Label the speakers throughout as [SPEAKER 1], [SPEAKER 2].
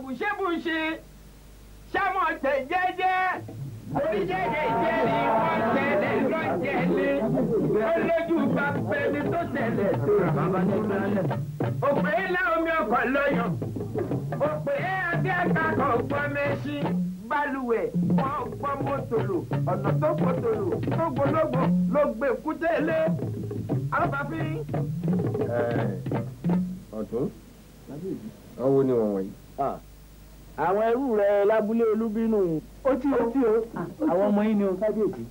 [SPEAKER 1] àbùṣebùṣe ṣámọ̀ tẹ̀ jẹ́jẹ́ oríṣẹ́jẹ́ ìjẹ́rì wọ́n tẹ̀lé lọ́jẹ̀lé olójú bá pẹ́ni tó tẹ̀lé tó rà bàbá tó lálẹ́. òpè ńlá omi ọkọ̀ lọ́yàn òpè adé àkàkọ̀ gbọ́mẹ́sí balùwẹ̀ wọ́n gbọ́ mọ́tòlò ọ̀nà tó mọ́tòlò lógbólógbò ló gbé kútélé. alábàáfin. ọ̀tún ọ̀wọ́ ni wọ̀n wọ̀nyí. Ah àwọn ẹrú rẹ lábúlé olúbínú. ó tí ó tí ó ah, àwọn ọmọ yín ni o kábíyèsí.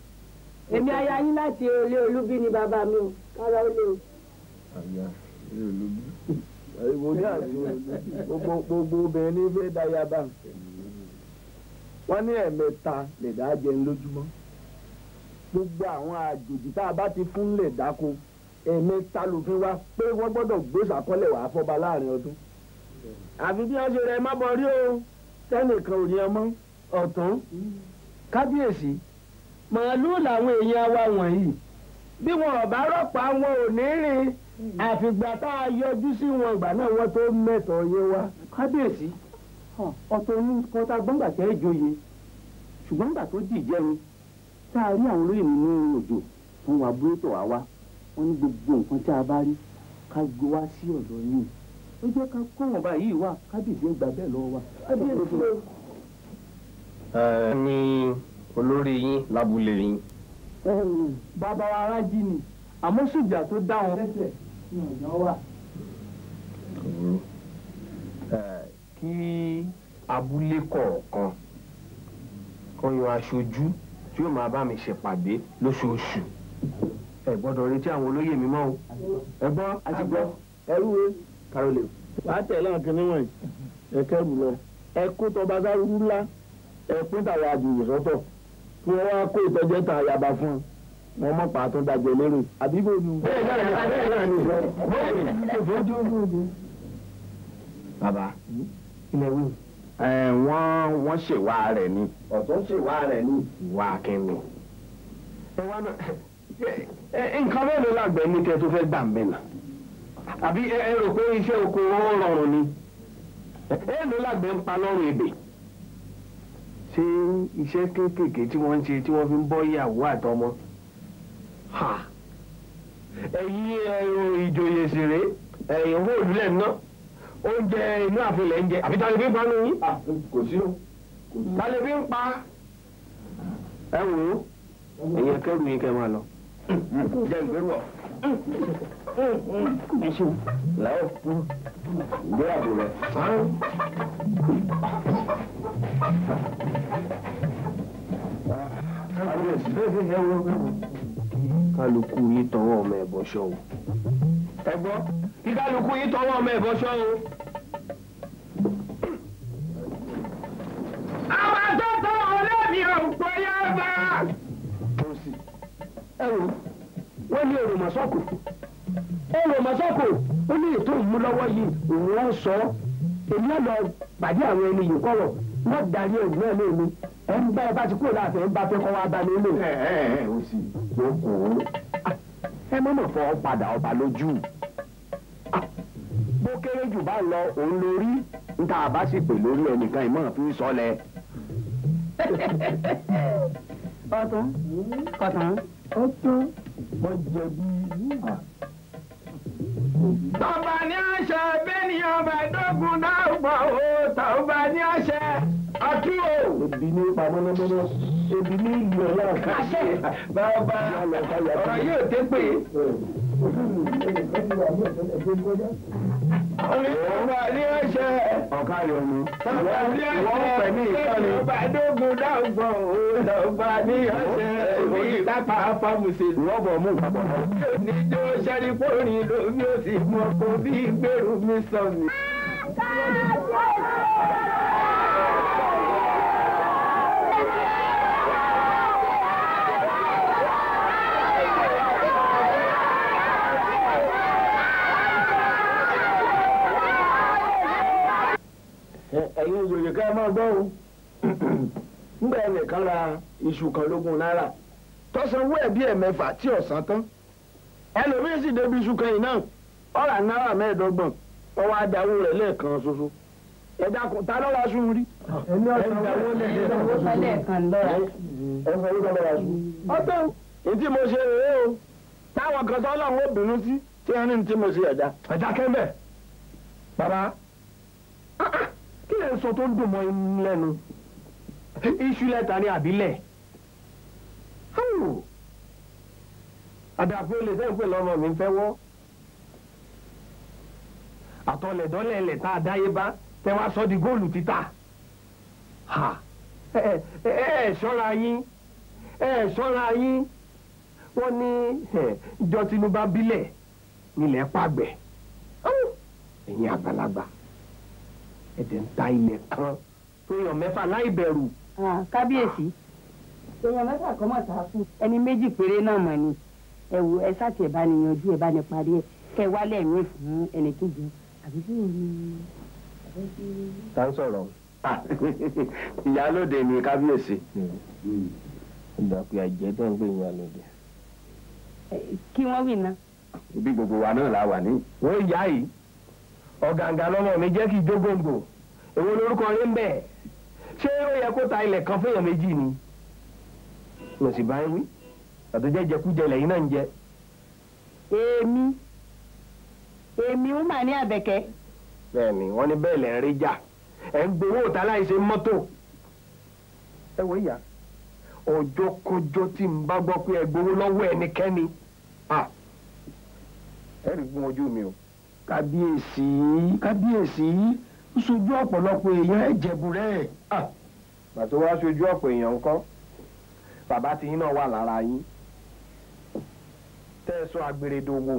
[SPEAKER 1] èmi aya yín láti ilé olúbí ni bàbá mi o kára ó o. àyà ilé olúbí ìwò ní àtúntò gbogbo obìnrin ní fẹ́ dáyà bá wọn ní ẹ̀mẹ́ta lẹ̀dá jẹun lójúmọ́ gbogbo àwọn àjòjì tá a bá ti fún lẹ̀dá ko ẹ̀mẹ́ta lòfin wa pé wọ́n gbọ́dọ̀ gbé sàkọ́lẹ̀ wàá fọba láàrin ọdún àfi bí wọ́n ṣe rẹ̀ má bọ̀ rí o tẹ́nìkan ò yan mọ́ ọ̀tún kábíyèsí màálù làwọn èèyàn wa wọ̀nyí bí wọn ò bá rọ̀pá wọn ò ní rìn àfìgbà tá a yọjú sí wọn ìgbà náà wọn tó mẹ́tọ̀ yé wa. kábíyèsí ọ̀tọ̀ ní kan tá a gbọ́ngbà tẹ́ ìjòyè ṣùgbọ́n gbà tó dìjẹun tá a rí àwọn olóyè nínú òjò fún wa búrẹ́tọ̀ wa wá wọn ní gbogbo nǹkan tá a bá rí ká gbé wá sí ọ̀dọ̀ yìí ń jẹ́ ká kọ́ ọ̀ba yìí wá kábíyèsí ń gbà bẹ́ẹ̀ lọ́wọ́ wa kábíyèsí ló. ní olórí yín lábúlé yín. bàbá wa arájí ni àmọ́ ṣùgbọ́n tó dá wọn lẹ́sẹ̀ ní ọ̀yọ́ wà. kí abúlé kọ̀ọ̀kan kan yan aṣojú tí yóò máa bá mi ṣèpàdé lóṣooṣù ẹ gbọ́dọ̀ retí àwọn olóyè mi mọ́ o ẹ gbọ́ àti gbọ́ ẹ rúwe kárólè wàá tẹ̀lé àwọn kìnìún wọ̀nyí ẹ̀kẹ́rù lọ ẹ̀kú tọba sárúkú ńlá ẹ̀pín tàwa àjòyè sọ́tọ̀ kí wọ́n wá kó ìtọ́jẹ́ ta àyàbá fún un wọn mọ̀ pa àtúntò àjọ lérò àbí bò ní. bàbá ilẹ̀ wí. wọ́n wọ́n ṣèwà rẹ̀ ni. ọ̀tún ṣèwà rẹ̀ ni. ìwà akínni. nǹkan mélòó làgbẹ̀ ní kẹ́ tó fẹ́ gbà ń bẹ̀ náà àbí ẹ rò pé iṣẹ́ oko ó rọrùn ni ẹ ló lágbẹ́ ń pa lọ́rùn ebè ṣé iṣẹ́ kéékèèké tí wọ́n ń ṣe tí wọ́n fi ń bọ́ ìyàwó àtọmọ ẹ̀yin ẹ̀rọ ìjòyè sèré ẹ̀yìn owó òdúlẹ̀ ná oúnjẹ inú àfilẹ̀ ń jẹ àbí tálẹ́bí ń pa nù ah, kò sí o. tálẹ́bí ń pa ẹ wò ó ẹ̀yin akẹ́rù yín kẹ́ máa lọ jẹ́ ìgbérò ọ̀. ẹ ṣeun. làwọn gbé àbò rẹ. kálukú yìí tọwọ́ ọmọ ẹ̀bọ ṣọ́ o. ẹ gbọ́ kí kálukú yìí tọwọ́ ọmọ ẹ̀bọ ṣọ́ o. àwọn àtọ́tọ́ ọlẹ́mi ò gbóyà bá. ẹ wò wọ́n ní èrò màsọ́kù lọ́wọ́ yìí òun ó sọ èmi náà lọ pàdé àwọn ẹni yìí kọ̀rọ̀ wọ́n darí ẹ̀rù náà lé mi ẹ̀ ń bá ẹ bá ti kúrò láàfin ẹ̀ ń bá fẹ́ kọ́ wá bá mi lò. ẹ ẹ ẹ o sì lóko ah, ẹ mọ̀mọ̀ fọ́ padà ọba lójú ah, bó kéré jù bá lọ òun lórí níta àbá sì pè lórí ẹnìkan ìmọ̀ fi ń sọlẹ̀. ọ̀tún kọ̀tún ó tún mo jẹ̀bi tọba ní àṣẹ bẹ́ẹ̀ni ọba ìdógún náà gbọ́ o tọba ní àṣẹ ọtí o. ebi ní ipa mọ́nàmọ́ná ebi ní ìlú ọ̀la àti bàbá ọ̀rọ̀ yóò dé pé. Olùwàlí ọ̀ṣẹ́. Ọ̀ká yọ̀ ni. Olùwàlí ọ̀ṣẹ́. Wọ́n pẹ̀ ní ìkànnì. Bàdógún dàgbọ̀n olùwà ní ọ̀ṣẹ́. Ní ìtàpá fámùsì. Rọ́bọ̀ mú ìpapọ̀ náà. Níjó ṣẹ́rí kórìn lómi ò sì mọ̀ kó bí gbèrú mi sọ mi. Ká
[SPEAKER 2] ló ń bá
[SPEAKER 1] ọ̀rọ̀? ẹ̀yin òjòjò ká ẹ máa gbọ́ o ńgbà ẹnìkan ra iṣu kan lógún náírà tọ́sanwó ẹ̀ bí ẹ̀mẹ́fà tí ọ̀sán tán ẹlòmíì sì débi iṣu kan yìí náà ọ̀rà náírà mẹ́ẹ̀ẹ́dọ́gbọ̀n ọwọ́ adáwó rẹ̀ lẹ́ẹ̀kan ṣoṣo ẹ̀dá kò ta lọ́ra sùn rí. ẹni ọ̀sánwó lẹ́ẹ̀kan lọ́ra. ẹ̀sán ló lọ́ra sùn. ọ̀tọ̀ ìtí mo ṣe rèé o táwọn kan tó lọ́wọ́ obìnrin sí tí wọ́n ní ní tí mo ṣe ẹ̀dá. ẹ̀dá kẹ́ńbẹ̀ bàbá. Ah, ah kí lẹ ń sọ tó ń dùn mọ́ inú lẹ́nu iṣu lẹ́ta ní àbílẹ̀ àdàpọ̀ olè sẹ́yìn pé lọ́mọ mi fẹ́ wọ́ àtọlẹ̀dọ́lẹ̀lẹ̀ tá a dáyé bá tẹ wá sọ di góòlù títà ẹ ẹ ṣọ́ra yín ẹ ṣọ́ra yín wọ́n ní jọ Tinubu abílẹ̀ nílẹ̀ pàgbẹ́ ẹ̀yin àgbàlagbà ẹ̀dẹ̀ ń ta ilẹ̀ kan tóyàn mẹ́fà láì bẹ̀rù. kábíyèsí tóyàn mẹ́fà kọ́ mọ̀ sáà fún ẹni méjì péré náà mọ̀ ni ẹ wo ẹ sáàtì ẹ̀ bá ní yanjú ẹ̀ bá ní parí ẹ̀ kẹ́ ẹ wálé ẹ̀mí fún ẹnì kejì àbí bí òun ni. ta ń sọ̀rọ̀ ìyálòde ni kábíyèsí ìgbà pé àjẹ́ tó ń gbé ìyálòde. kí wọ́n wì ná. ibi gbogbo wa náà la wà ní. wọ́n yá yìí ọ̀gàǹgà lọ́mọ mi jẹ́ kí ìjógóńgò èwo lórúkọ rí ń bẹ̀ ṣé ó yẹ kó ta ilẹ̀ kan fún èèyàn méjì ni lọ sí báyìí wí àtúnjẹ jẹkújẹ ilẹ̀ yìí náà ń jẹ. èmi èmi ó mà ní àbẹ̀kẹ́. bẹ́ẹ̀ni wọn ní bẹ́ẹ̀ lẹ ń rí jà ẹ ń gbowó òta láìṣe mọ́tò ẹ wọ ìyá ọjọ́ kọjọ́ tí n bá gbọ́ pé ẹ gbowó lọ́wọ́ ẹnikẹ́ni ẹ rí gbọ́n ojú mi o kábíyèsí kábíyèsí ń ṣojú ọ̀pọ̀lọpọ̀ èèyàn ẹ̀jẹ̀bù rẹ̀. pàtó wá ṣojú ọ̀pọ̀ èèyàn ńkọ́ bàbá tiyín náà wà lára yín tẹ́ ẹ sọ àgbèrè dòwò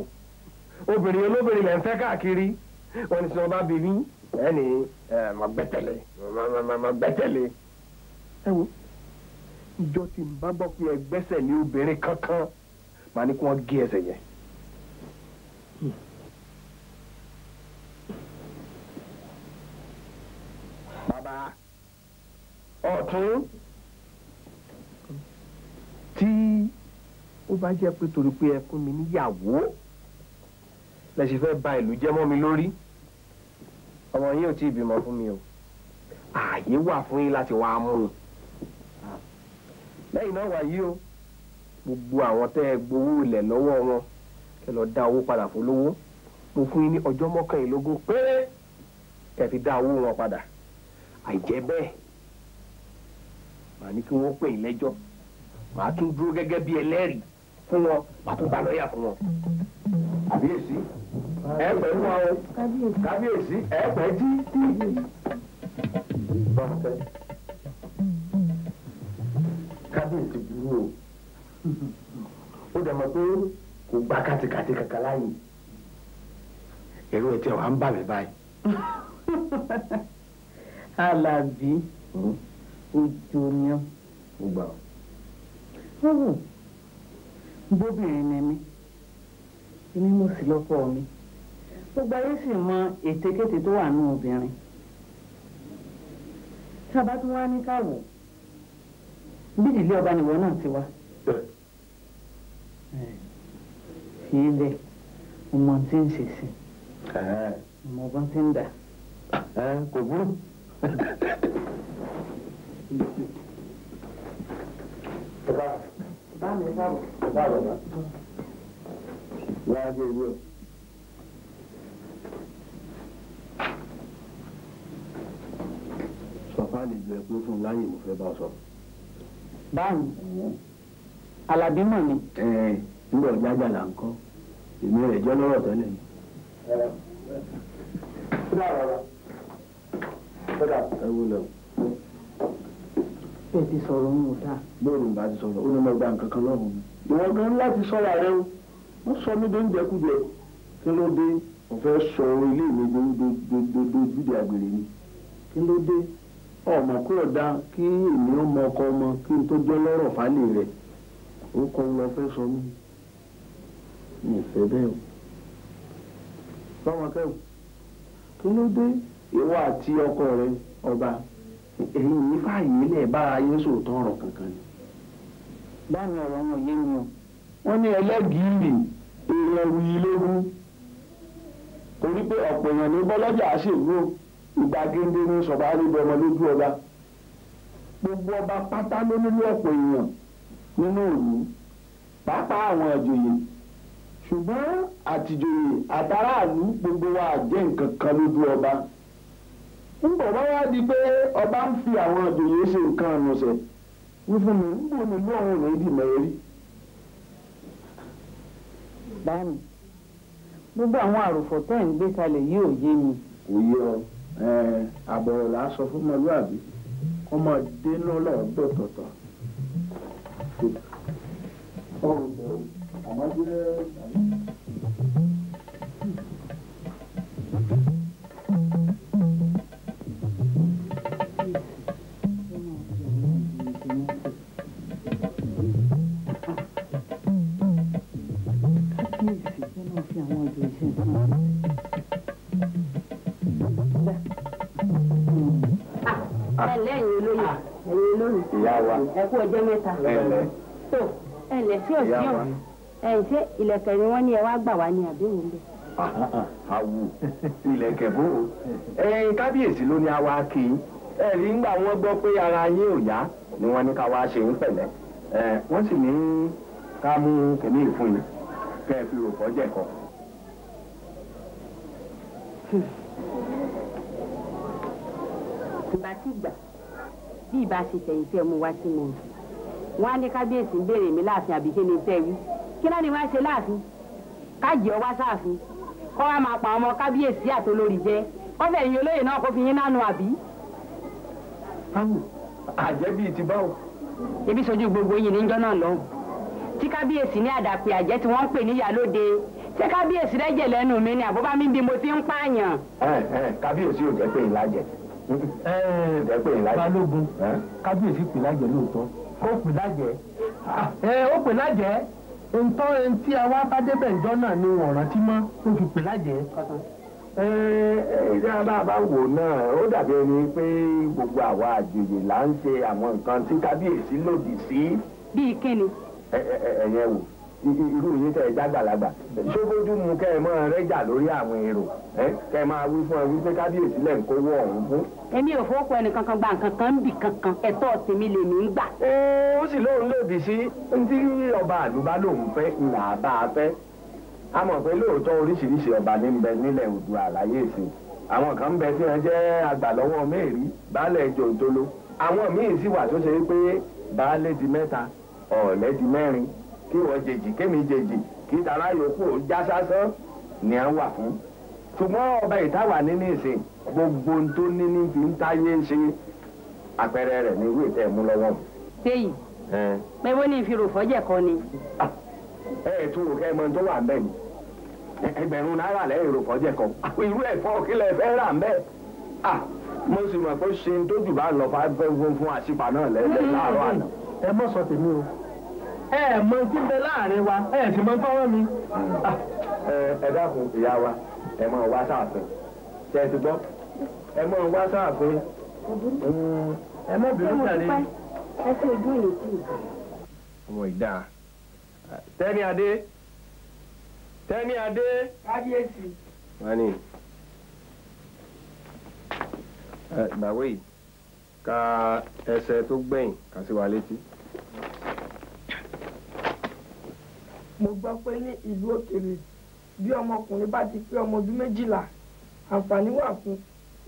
[SPEAKER 1] obìnrin olóbìnrin lẹ́ ń fẹ́ káàkiri wọ́n ní sọ bá bí mí ẹni mọ̀gbẹ́tẹ̀lé mọ̀gbẹ́tẹ̀lé. ẹ wo ìjọ tí n bá gbọ́ pé ẹ gbẹ́sẹ̀ ní obìnrin kankan màá ní kí wọ́n gé ẹsẹ̀ yẹn. ọ̀tún tí ó bá jẹ́ pé torí pé ẹkún mi níyàwó lẹ ṣe fẹ́ ba ìlú jẹ́ mọ́ mi lórí ọmọ yín ò tí ì bímọ fún mi o ààyè wà fún yín láti wàá mú un lẹ́yìn náà wà yí o gbogbo àwọn tẹ́ ẹ gbowó ilẹ̀ lọ́wọ́ wọn kẹ́ lọ dá owó padà fún lówó mo fún yín ní ọjọ́ mọ́kànlélógún péré kẹ́ fi dá owó wọn padà àìjẹ́ bẹ́ẹ̀ màá ní kí wọ́n pè é lẹ́jọ́ màá tún dúró gẹ́gẹ́ bí ẹlẹ́rìí fún wọn màá tún lọ́ọ̀yà fún wọn. kàbíyèsí ẹ o kàbíyèsí ẹ pẹ́ jí. kábíyèsí burú o ó dẹ̀ mọ̀ pé kò gba kàtìkàtì kankan láàyè ẹ̀ tí ń bà mí báyìí. ojú ni ọ́ ò gbà ọ́. ó wù bóbìnrin ni mí èmi mo sì lọ́kọ mi gbogbo ayé sì mọ ètekéte tó wà nù obìnrin tábà tún wá ní káwọ bí ìdílé ọba nìwọ náà ti wá fi ilẹ̀ ọmọ tí ń ṣe sí ọmọ ọba tí ń dà. kò burú bá mi sábọ̀. bá mi sábọ̀ láàárín ìlú ẹ̀. sọ̀fà lè jọ ẹ̀kú fún láyè mo fẹ́ bá ọ sọ. báwo alábí mọ̀ ni. ẹ ẹ nígbà ọ̀jájà là ń kọ́ èmi rẹ̀ jọ́ lọ́rọ̀ tẹ́lẹ̀ ni. ẹ wúlò bẹ́ẹ̀ ti sọ̀rọ̀ ń dà. bóòlù ń bá ti sọ̀rọ̀ ó ní mo gba nǹkan kan lọ́rùn mi. ìwọ gan láti sọ́ra rẹ o wọ́n sọ mí dóúnjẹkújẹ kí ló dé mo fẹ́ sọ ilé mi dójúde àgbèrè ni kí ló dé ọmọ kó o dá kí èmi ó mọ ọkọ ọmọ kí n tó jẹ́ lọ́rọ̀ fálẹ̀ rẹ̀ ó kọ́ ń lọ fẹ́ sọ mí mi ìfẹ́ bẹ́ẹ̀ o. báwọn kẹ́wọ̀n kí ló dé ìwọ àti ọkọ rẹ ọba èmi ò ní fààyè lẹ̀ bára yín sòótọ́ ọ̀rọ̀ kankan ni. báwo ọ̀rọ̀ wọn yé mi o. wọ́n ní ẹlẹ́gìí rè èrò ẹ̀rù yìí lógún torí pé ọ̀pọ̀ èèyàn ní bọ́lọ́jà ṣèlú ìgbà géńdé ní sọ̀bà àríbi ọmọ lójú ọba gbogbo ọba pátá ló nílò ọ̀pọ̀ èèyàn nínú òní pàápàá àwọn àjòyè ṣùgbọ́n àtìjòyè àtàràlú gbogbo wa jẹ́ nǹkan kan lójú ọba nbọ̀ bá wá di pé ọba ń fi àwọn ìjòyè ṣe nǹkan àánú ṣe wí fún mi nbọ mi ló àwọn òní ìdìmọ̀ rí. báyìí gbogbo àwọn àròfọ̀ tó ń gbé kalẹ̀ yìí ò yé mi. kò yé ọ àbọ̀rọ̀ là á sọ fún ọmọlúwàbí kó mọ dénú lọ́ọ̀dọ̀ tọ̀tọ̀. ọ̀rọ̀ bẹ̀rù àmọ́ jẹ́ àmì. lónìí. ìyá wa ẹ kú ọjọ́ mẹ́ta. tó ẹ lẹ sí òsì ọ ẹ ṣe ìlẹ̀kẹ̀ ni wọ́n ní ẹ wá gbà wá ní àbẹ̀wò ńbẹ. àwù ìlẹ̀kẹ̀ bó o ẹ̀yin kábíyèsí ló ní àwa kì í ẹ̀rí ńgbà wọ́n gbọ́ pé ara yín ò yá ni wọ́n ní ká wá ṣe ń pẹ̀lẹ́ wọ́n sì ní ká mú kìnní ìfún yìí kẹ́ fi rò fọ́jẹ̀ kọ. ìgbà gbà bí ìbá ṣe tẹ̀yìn tẹ́ mú wá sí mo rò wọn á ní kábíyèsí ń béèrè mi láàfin àbí kí ni tẹ́ wí kí náà ni wọ́n á ṣe láàfin káàjì ọwá sáàfin kọ́ wa máa pa ọmọ kábíyèsí àtolórí jẹ́ ọbẹ̀ yìí olóyè náà kó fi yín nánu àbí. àjẹbí ti báwo. ebi sojú gbogbo yìí níjọ́ náà lọ́hùn tí kábíyèsí ní àdàpè àjẹ́ tí wọ́n ń pè níyà lóde ṣé kábíyèsí rẹ́jẹ̀ lẹ́nu mi ni àbúbá mi bí mo ti ń pààyàn. ẹ ẹ kábíyèsí ò jẹ́ pé ìlàjẹ̀ balógun kábíyèsí pè lájẹ lóòótọ́ ó pè lájẹ ó pè lájẹ ntọ́ tí a wá bá débẹ̀ ǹjọ́ náà ni wọ́n rántí mọ́ ó fi pè lájẹ. ẹ ẹ bá a bá wò náà ó dàbí ẹni pé gbogbo àwa àjèjì là ń ṣe àwọn nǹkan tí kábíyèsí lòdì sí. bíi kíni. ẹ ẹ ẹ yẹn wò irú yìí tẹ̀ jágbàlagbà ṣógójú mu kẹ́ ẹ máa rẹ́jà lórí àwọn èrò kẹ́ ẹ máa wí fún ẹ wí pé kábíyèsí lẹ̀ ń kówó ọ̀hún fún. èmi ò fowópọ̀ ẹnì kankan gba nǹkan kan bì kankan ẹ̀tọ́ tèmi lèmi ń gbà. ó sì lóun lòdì sí ntí ọba àlùbá lòun fẹ́ ìlà bá a fẹ́ a mọ̀ pé lóòótọ́ oríṣiríṣi ọba ní bẹ nílẹ̀ Oòduà àlàyé ìsìn àwọn kan bẹ tí wọn jẹ́ àgbàlọ́wọ́ mẹ́rin baálẹ̀ jòǹtolo àwọn míì sì wà tó ṣe pé baálé di mẹ́ta ọ̀ọ̀lẹ́ di mẹ́rin kí wọ́n jèjì kémi jèjì kí tara yòókù ó já sásán ni à ń wà fún. ṣùgbọ́n ọba ìtawà ní nísìn gbogbo ohun tó ní ní fi ń táyé ṣe àpẹẹrẹ rẹ̀ ní ìwé ìtẹ́ mú lọ́wọ́. téyì pé ní ìfirò fọ́jẹ̀ kan ni. Ah, ẹ ẹ tún wò kẹ́ ẹ mọ tó wà ń bẹ̀ ni ẹgbẹ̀rún náírà lẹ́yìn ìrò fọ́jẹ̀ kan irú ẹ̀fọ́ kílẹ̀ fẹ́ rà ń bẹ̀ ah, mo sì mọ̀ pé ṣe ń tójú bá lọ fún àṣìpà náà lẹ́yìn láàárọ̀ àná. ẹ mọ̀ sọ tèmi o ẹ ẹ mọ tí ń bẹ láàrin wa ẹ sì mọ tọwọ́ mi. Ah. ẹ dákun ìyá wa ẹ máa wá sáàfin ṣe é ti gbọ́ ẹ máa wá sáàfin ẹ má bínú tàlẹ́ ẹ ṣe ojú ìlẹ̀kùn. ọmọ ìdá tẹ́ni adé tẹ́ni adé. kábíyèsí. wọ́n ní gbàwé yìí ka ẹsẹ̀ tó gbẹ̀yìn kà sí wa létí mo gbọ́ pé ní ìlú òkèèrè bí ọmọkùnrin bá ti pé ọmọ ọdún méjìlá àǹfààní wà fún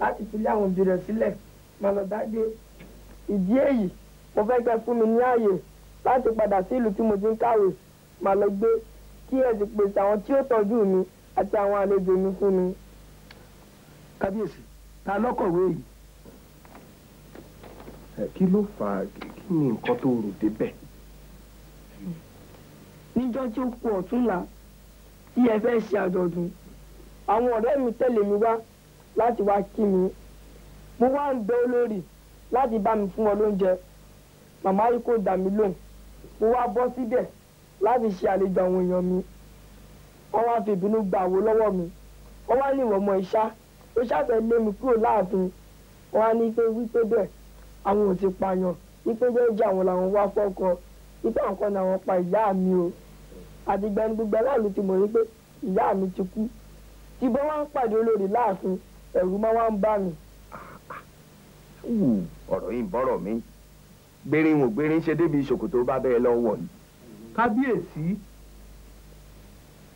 [SPEAKER 1] láti fi lé àwọn òbí rẹ̀ sílẹ̀ màlọ́dágbé ìdí èyí mo fẹ́ kẹ́ fún mi ní ààyè láti padà sí ìlú tí mo ti ń kàwé màlọ́gbé kí ẹ sì pèsè àwọn tí ó tọ́jú mi àti àwọn àlejò mi fún mi. kábíyèsí ta lọ́kọ̀wé yìí. kí ló fà á kí ni nǹkan tó rò débẹ̀ níjọ́ tí ó kù ọ̀túnla tí ẹ fẹ́ ṣe àjọ̀dún àwọn ọ̀rẹ́ mi tẹ̀lé mi wá láti wá kí mi mo wá ń bẹ olórí láti bá mi fún wọn lóúnjẹ màmá yìí kò dà mí lóhùn mo wá bọ́ síbẹ̀ láti ṣe àlejò àwọn èèyàn mi wọ́n wá fi ìbínú gba àwo lọ́wọ́ mi wọ́n wá ní ìwọ̀n mọ ìṣá ó ṣàfẹ́ lé mi kúrò láàfin wọ́n á ní pé wípé bẹ́ẹ̀ àwọn ò ti pààyàn wípé bẹ́ẹ̀ jẹ́ àwọn làwọn wá fọ́kọ wípé àwọn kan ni àwọn pa ìyá mi o àti gbẹnugbẹ láàlú ti mọ̀ wípé ìyá mi ti kú tí bó wá ń pàdé olórí láàfin ẹ̀rù máa wá ń bà mí. ọ̀rọ̀ yìí ń bọ́rọ̀ mi gbérin wò gbérin ṣe débi ṣòkòtò bá bẹ́ẹ̀ lọ wọ̀ ni. kábíyèsí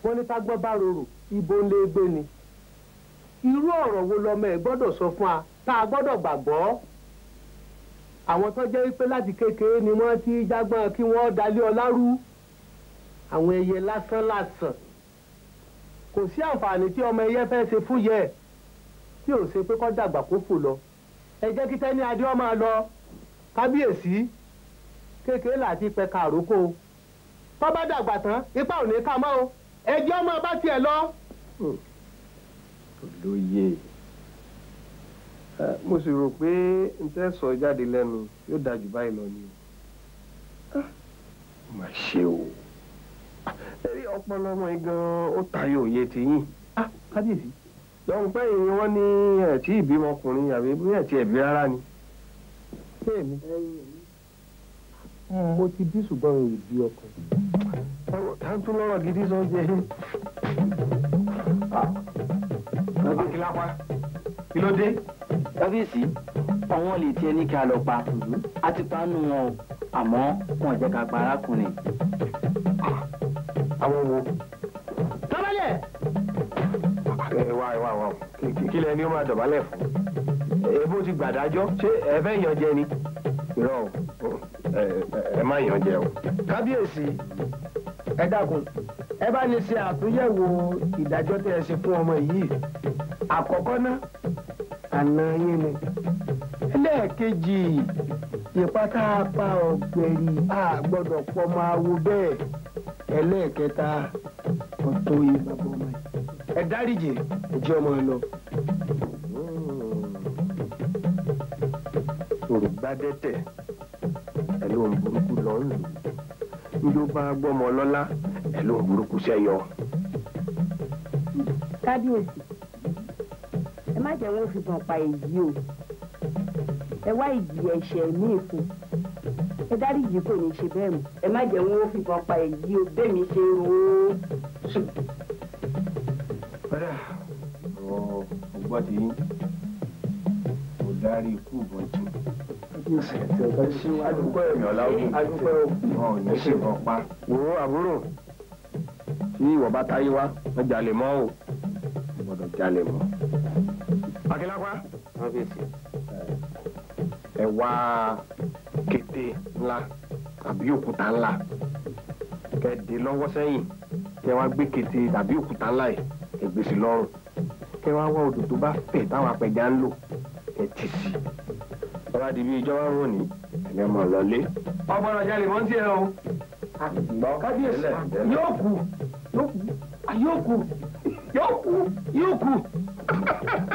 [SPEAKER 1] wọn ní tá gbọ́ bá rorò ibo lè gbé ni irú ọ̀rọ̀ wo lọmọ ẹ̀ gbọ́dọ̀ sọ fún wa tá a gbọ́dọ̀ gbàgbọ́ àwọn tó jẹ́ wípé láti kékeré ni wọ́n ti jágbọ́n kí wọ́n dalé ọlá rú àwọn ẹyẹ lásán lásán kò sí àǹfààní tí ọmọ ẹyẹ fẹ́ ṣe fún yẹ tí ò ṣe pé kó dàgbà kó fò lọ ẹ jẹ́ kí tẹ́ni adé ọmọ lọ kábíyèsí kékeré láti pẹ̀ka àrókò tó bá dàgbà tán ipá ò ní ká mọ́ o ẹ jẹ́ ọmọ bá tiẹ̀ lọ. olóye mo sì rò pé n tẹ́ sọ jáde lẹ́nu yóò dájú báyìí lọ ni o. Ah, mà ṣe o ẹ̀rí ọpọlọ ọmọ yìí gan-an ó tayọ òye tìyín ah, kábíyèsí lọ́hùn pé èyí wọ́n ní ẹ̀tí ìbímọ ọkùnrin àbí bí ẹ̀tí ẹ̀bí rárá ni. bẹ́ẹ̀ni
[SPEAKER 3] mo ti bí ṣùgbọ́n mi ò bí ọkùnrin.
[SPEAKER 1] táǹtù lọ́rọ̀ gidi sọ jẹ́. Ah, kí lápá kí ló dé. kábíyèsí àwọn lè tiẹ̀ ní kí a lọ pa mm-hmm. a pa á nù wọn o àmọ́ wọn jẹ́ ká pa arákùnrin àwọn wo. dọ̀bálẹ̀. ẹ wá wá wá kí lẹni ó máa dọ̀bálẹ̀ fún ebó ti gbàdájọ́ ṣé ẹ fẹ́ yàn ni. irọ́ o ẹ má yàn o. kábíyèsí ẹ dákun ẹ bá ní ṣe àtúnyẹ̀wò ìdájọ́ tẹ́ ẹ ṣe fún ọmọ yìí àkọ́kọ́ náà àná yín ni ẹlẹ́ẹ̀kejì ìpátá apá ọ̀gbẹ̀rì a gbọ́dọ̀ pọ̀ máa wo bẹ́ẹ̀ ẹlẹ́ẹ̀kẹta ọ̀tọ̀ yìí bàbá ọmọ yìí ẹ dáríjì ẹ jẹ́ ọmọ ẹ lọ. sòrò bá dẹ́tẹ̀ ẹ lóun burúkú lọ ń lò ndó bá gbọ́mọ lọ́lá ẹ lóun burúkú sẹ́yọ. kábíyèsí ẹ má jẹ́ wọ́n fi tàn pa èyí o ẹ wá ìjìyà ẹ̀ṣẹ̀ ní èkó dárí yìí kò ní ṣe bẹ́ẹ̀ mọ́ ẹ má jẹ́ wọn ó fìbọn pa èyí o bẹ́ẹ̀ mi ṣe rò ó. padà ọ̀rọ̀ ọgbọ́n ti yín kò dárí ikú ìbọn jù. adúpẹ́ ẹ̀yàn adúpẹ́ ọ̀ ní ṣèbọn pa. wo àbúrò tí ìwọ bá táyé wá wọn jalè mọ́ o gbọ́dọ̀ jalè mọ́. akínlápá. ẹ wá òkété ńlá tàbí òkúta ńlá kẹ́ẹ̀dé lọ́wọ́ sẹ́yìn kẹ́ wá gbé kété tàbí òkúta ńlá yìí ẹgbẹ́ sí lọ́rùn kẹ́ wá wá odò tó bá fẹ̀ táwọn apẹja ń lò kẹ́ tì sí i bọ́lá di bí ìjọba ròní ẹ̀mí ọmọ lọ́lé. ọgbọ́n ọjà lè mọ́ sí ẹ o. àgbà kábíyèsí yóò kú yóò kú yóò kú yóò kú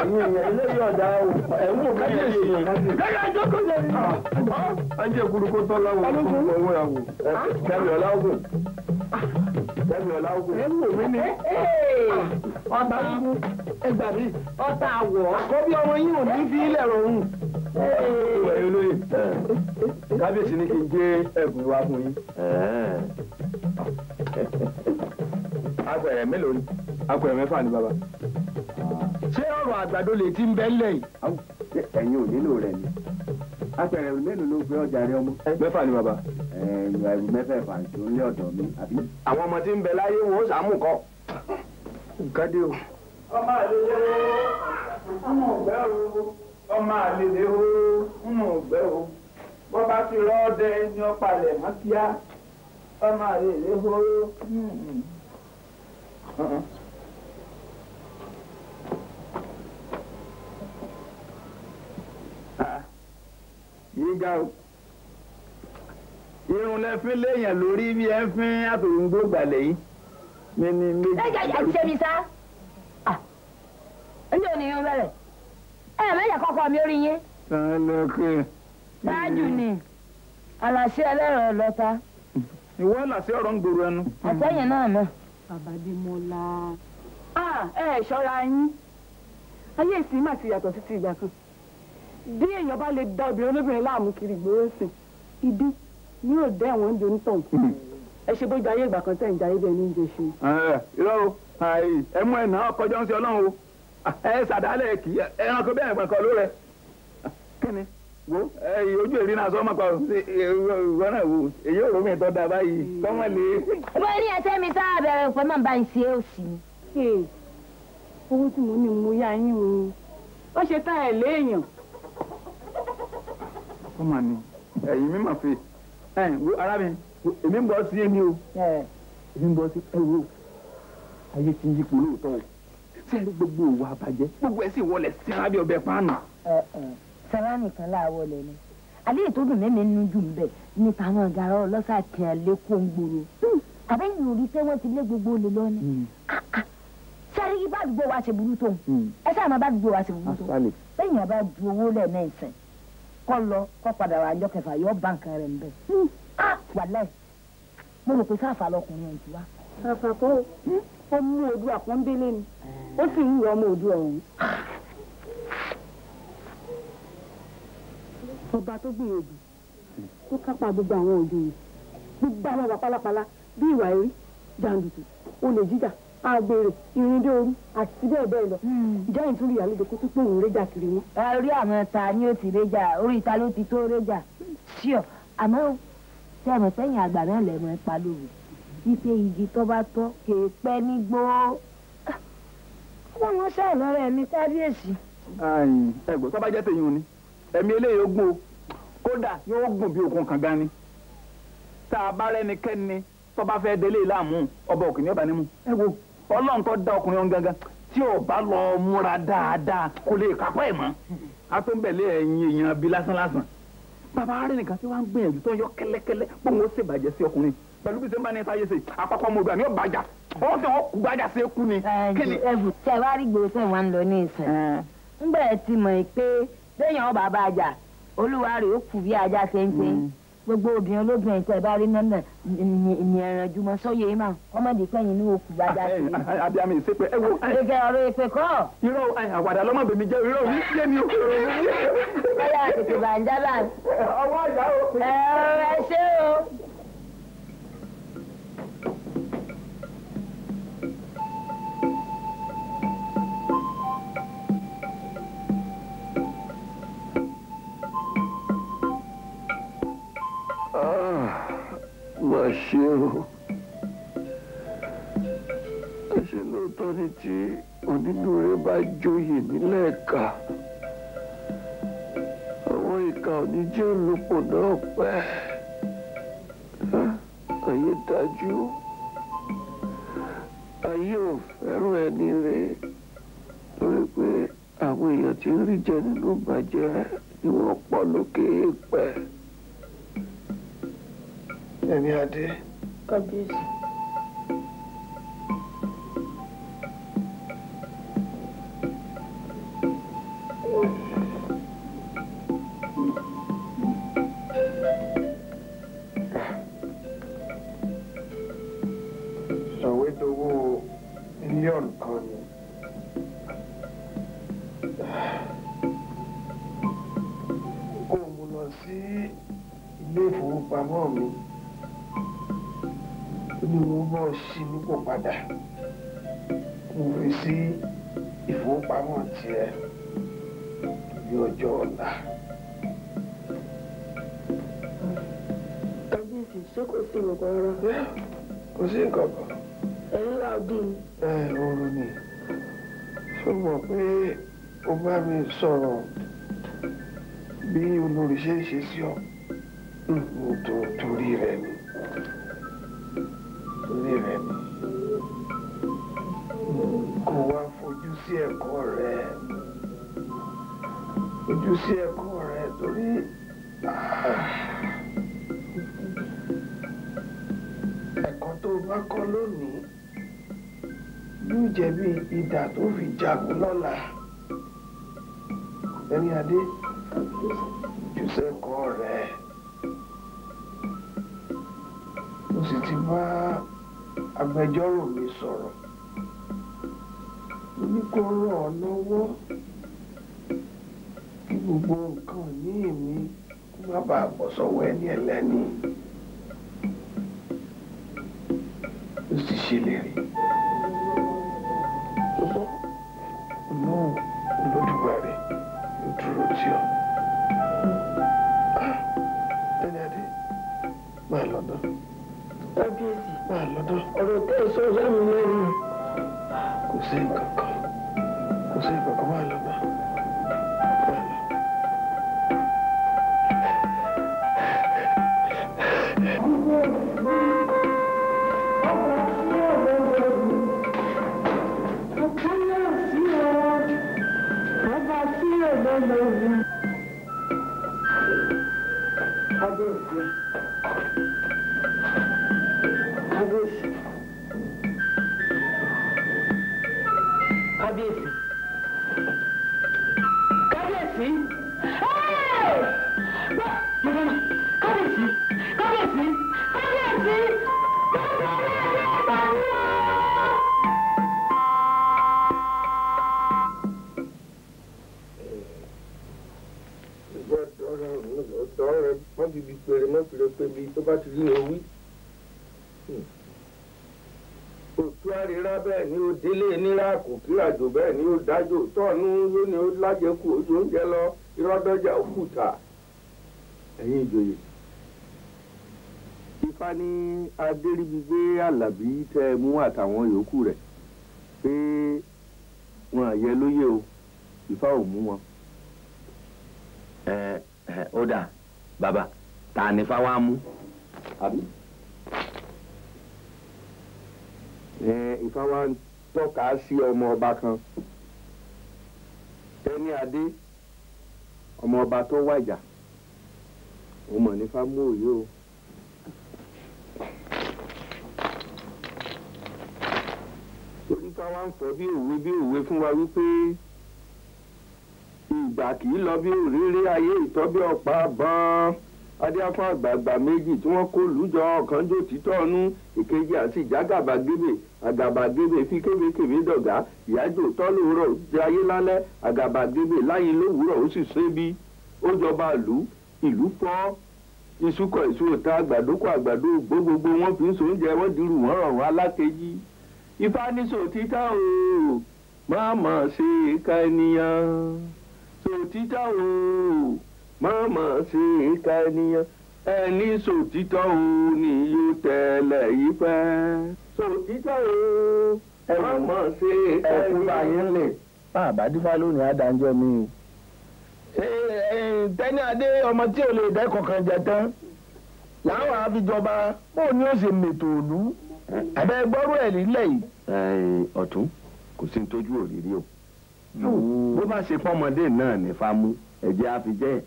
[SPEAKER 1] eléyìí ọ̀dà o ẹ̀ ń wò káyọ̀sì lẹ́yìn àjọkọ̀ yẹn. ànjẹ́ kúrúkú tọ́ láwọn ọkùnrin owó yà wò kẹ́mi ọ̀la ogun kẹ́mi ọ̀la ogun. ẹ wò mí ni ọ̀tá ogun ẹgbà mi ọ̀tá àwọ̀ àkọ́bí ọmọ yín ò ní fi ilẹ̀ rọrùn. ẹ̀yin olóyè kábíyèsí ni kí n gé ẹ̀bùn wa fún yín. apẹ̀rẹ̀ mélòó ni apẹ̀rẹ̀ mẹ́fà ni bàbá ṣé ọ̀rọ̀ àgbàdo lè ti ń bẹ́ ńlẹ̀ yìí. ẹ̀yin ò nílò rẹ̀ ni apẹ̀rẹ̀ mélòó ló fẹ́ ọjà rẹ ọmọ. mẹ́fà ni bàbá. ẹ̀yìn ẹ̀rù mẹ́fẹ̀ẹ̀fà tó ń lé ọ̀dọ̀ mi àbí. àwọn ọmọ tí ń bẹ láyé wo sàmù kọ. nǹkan o. ọmọ àlele o nínú ọgbẹ́ o ọmọ àlele o nínú ọgbẹ́ o bọ́ bá ti rọ́ ọdẹ ni ó mọ́ kíá ọmọ àlele o. Hmm. yíga o irun lẹ́fín léèyàn lórí bí ẹ ń fín àtòrúngbò gbàlẹ̀ yìí ní ní méjì. ẹ jẹ́ ìyá ìṣe mi sá ah, ẹni ò ní irun bẹ̀rẹ̀ ẹ mẹ́jọ kọ́kọ́ mi orí yín. ọlọ́kẹ́. ṣáájú ni àlàṣe ẹlẹ́rọ lọ́ta. ìwọ àlàṣe ọ̀rọ̀ ń gbòòrò ẹnu. àtẹ̀yìn náà náà. Babájímọ́lá. Ah, ẹ ẹ ṣọ́ra yín ayé ìsìn má ti yàtọ̀ ìgbà kan bí èèyàn bá lè da obìnrin olóbìnrin láàmú kiri ìgboro sìn ibi ni yóò dẹ́ ẹ̀wọ̀n oúnjẹ onítọ̀hún ẹ ṣe bójú ayé ìgbà kan tẹ̀ ń jayé bẹ́ẹ̀ ní oúnjẹ ṣe. irọ́ o ẹ mú ẹ̀nà ọkọjọ́ ń ṣe ọlọ́run o ẹ ṣàdálẹ̀ kì í ẹranko bẹ́ẹ̀ ẹ̀gbọ̀n kan ló rẹ. kíni wo ojú èrí náà sọ́mọ́ pa ìwọ náà wo èyí ò rómi ìtọ́ da báyìí kọ́mọ lè. wọ́n rí ẹsẹ̀ mi sáà bẹ̀rẹ̀ pé màá bá ń òsì. owó tí mo ní mo yá yín o ó ṣe tán ẹ̀ léèyàn ó mà ní ẹ̀yin mi mà fè ẹ̀ wo ara mi èmi ń bọ̀ sí ẹni o èmi ń bọ̀ sí ẹ wo ayé ti ń yípo lóòótọ́ o tí ẹ rí gbogbo òwò àbàjẹ́ gbogbo ẹ̀ sì wọlé sí arábí ọbẹ̀ páànù. sara nìkan láàwọ̀ lẹ̀ ni alẹ́ ètò dùn mẹ́mẹ́ nínú jù ń bẹ̀ nípa àwọn ọ̀gára ọlọ́sà tí a lé kó ń gbòòrò hmm. àbẹ́yìn ò rí pé wọ́n ti lé gbogbo olè lọ ni sẹ́rí hmm. ah, ah. bá àdúgbò wa ṣe burú tó hmm. ẹ sáà máa bá àdúgbò wa ṣe burú tó bẹ́yìn àbá ju owó lẹ̀ náà ìsìn kọ́ lọ kọ́ padà wà ọjọ́ kẹfà yọ báǹkì rẹ̀ ń bẹ̀. wàlẹ̀ mo rò pé sáfà lọkùnrin ọ̀hún ti wá. sáfà kọ́ ó mú ojú àpọ́nbélé ni hmm. ó sì ń yọ ọmọ ojú ọ̀hún. Ah! ọba tó gbìyànjú tó hmm. kápá gbogbo àwọn òjòyè gbogbo àwọn wà pálapàla bí ìwà eré jàǹdùkú olè jíjà àgbèrè irun dé orí àti bẹ́ẹ̀ bẹ́ẹ̀ lọ. Hmm. jẹ́yìn tún rí àlejò kó tó pé òun réjà kiri mọ́. orí àwọn ta ni ó ti réjà orí ta ló ti tó réjà ṣíọ àmọ́ tẹ́ mọ̀ sẹ́yìn àgbà náà lẹ́mọ̀ ẹ pa lóru wípé igi tó bá tọ́ kèé pẹ́ nígbó. wọ́n wọ́n ṣáà lọ́rọ̀ ẹ̀mí kábíyèsí. ẹ̀gbọ́n tó bá jẹ́ tèyí ni ẹ̀mí eléyìí ó gún o kódà yóò gùn bí òkun kan gan ni tá a bá rẹ́nikẹ́ni tó bá fẹ́ délé láàmú ọba òkè ní ọ̀bánímù ẹ wo ọlọ́run tó dá ọkùnrin ọ̀hún gangan tí ò bá lọ múra dáadáa kò lè kápá ẹ̀ mọ́ a tó ń bẹ̀lẹ́ ẹ̀yin èèyàn bíi lásán lásán bàbá arẹ nìkan tí wọ́n gbìyànjú tó ń yọ kẹ́lẹ́kẹ́lẹ́ pé wọ́n ṣèbàjẹ́ sí ọkùnrin pẹ̀lú bí sẹ́ńbà ní sáyé ṣe àpapọ̀ ọmọ ògbà ní ọ̀bàjà ọwọ́ tí wọ́n kú gbájà ṣe é kú ni. ẹ̀bù tí a wá rí gbòòrò sẹ́yìn wá ń lọ ní ìsìn ń bẹ̀rẹ̀ ti mọ̀ pé lẹ́yìn ọ̀bà bàjà olúwa rẹ̀ ó kù bí ajá ṣe ń mm gbogbo obìnrin olóbìnrin tẹ bá rí nọ́nà ìní ẹran jùmọ̀ sóye yìí máa wọ́n ní òkú bá dá sí i. abiyami ìsepẹ ẹ wo. gẹ́gẹ́ eh. ọ̀rọ̀ èpè kọ́. irọ́ eh, àwàdà lọ́mọ bèmi jẹ́ mi yé mi o. báyà tètè bàǹdà bá. ọwọ́ ìyá o. ẹ ṣé o. mà ṣe o àṣẹ lóòótọ́ ni tí onínúure bá joyè nílẹ̀ ẹ̀ka àwọn ìka oníjẹ́ olùpọ̀ náà pẹ́ ayé dájú ayé ò fẹ́ràn ẹni rẹ̀ lórí pé àwọn èèyàn tí ń rí jẹ nínú ìbàjẹ́ ni wọ́n pọ̀ lókè èèpẹ̀ dẹ̀ ní adé. kábíyèsí. sọ̀rọ̀ bí olórí ṣe ń ṣe sí ọ nítorí rẹ ni torí rẹ ni kò wá fojú sí ẹ̀kọ́ rẹ fojú sí ẹ̀kọ́ rẹ torí. Ah, ẹ̀kọ́ lónìí yóò jẹ́ bí idà tó fi jagun lọ́la. so when you let me. yí o wí. òtú àríra bẹ́ẹ̀ ni ó délé nírà kò kírajò bẹ́ẹ̀ ni ó dájò tọ́ọ̀nù ló ní ó lájẹkù ojú oúnjẹ lọ irọ́dọ́jà òkúta. ẹ̀yin ìjòyè ifá ní adéríbigbé alábí tẹ mú àtàwọn yòókù rẹ̀ pé wọn àyẹ lóye o ifá ò mú wọn. ẹ ẹ ó dà bàbá ta ni fáwọn á mú àbí. nǹkan wa ń tọ́ka sí ọmọ ọba kan tẹ́ni adé ọmọ ọba tó wàjà
[SPEAKER 3] ó mọ̀ ní fámúòye o.
[SPEAKER 1] onífá wa ń fọ bí òwe bí òwe fún wa wípé ìgbà kì í lọ bí òréré ayé ìtọ́ bí ọ̀pá bọ́n adéáfà àgbààgbà méjì tí wọ́n kó lùjọ ọ̀kan jó títọ́ ọnú ìkejì àti ìjàgàbàgebè àgàbàgebè fi kébékèbé dọ̀gá ìyájò tọ́lùrọ̀ jayé lálẹ́ àgàbàgebè láyé lówùúrọ̀ ó sì ṣébi ó jọba ìlú ìlú pọ́ ìsúkọ ìṣòta àgbàdókò àgbàdo gbogbogbò wọn fi ń so oúnjẹ wọn dirú wọn rọrùn alákejì ifá ní sòtítà o máa mọ̀ ṣe é ká ènìyàn sòtítà o mọ̀mọ́ sí ìka ènìyàn ẹni sòtítọ́ o ni yóò tẹ̀lé yìí pẹ́. sòtítọ́ o mọ̀mọ́ sí ìka ènìyàn. ẹkún bá yín lè bá àbádífá lónìí àdáńjọ́ mi o. ṣé tẹ́ni adé ọmọ tí ò lè dẹ́kọ̀ọ́ kan jẹ tán làwọn àfijọba bó ni ó ṣe mètò òlú abẹ gbọ́rú ẹ̀ nílẹ̀ yìí. ọ̀tún kò sí ní tójú òrírí o. bó bá ṣe pọ́nmọdé náà ní fámú ẹ̀jẹ̀ àfijẹ́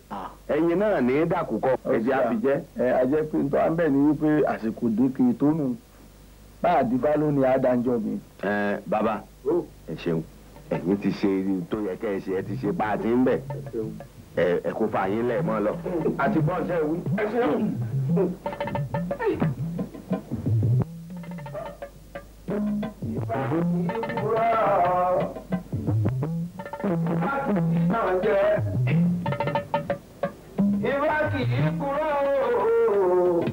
[SPEAKER 1] ẹ̀yin náà ní dàkúkọ ẹ̀jẹ̀ àfijẹ́. ẹ ajẹ́ pé nítorí à ń bẹ̀ ni wípé àsìkò dékè tó nù bá àdìbá lónìí àdájọ́ mi. ẹ bàbá ẹ ṣeun ẹ̀yin ti ṣe tó yẹ kẹ́ ẹ ṣe ẹ ti ṣe bá a ti ń bẹ̀ ẹ kó fa yín lẹ̀ mọ́ lọ. àti bọ́ọ̀ṣẹ́ wí. ẹ ṣeun.
[SPEAKER 2] ìbáraẹni wúrà
[SPEAKER 1] láti náà jẹ́ ìbá kì í kúrò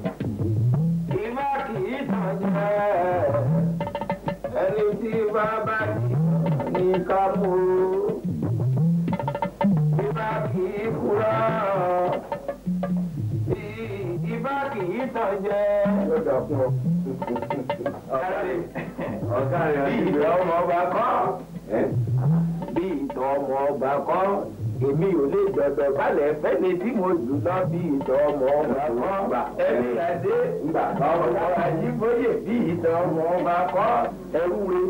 [SPEAKER 1] ìbá kì í tàn jẹ ẹni tí bá bá kì í ká mú ìbá kì í kúrò ìbá kì í tàn jẹ. ọ̀gá rẹ̀ bí ìtọ̀ ọmọ ọba kọ́ èmi ò lè dọ̀dọ̀ balẹ̀ fẹ́ni tí mo jù lọ bí ìtọ̀ ọmọ ọba kọ́ ẹni adé bàbá ọmọ ajíbóyè bí ìtọ̀ ọmọ ọba kọ́ ẹrú re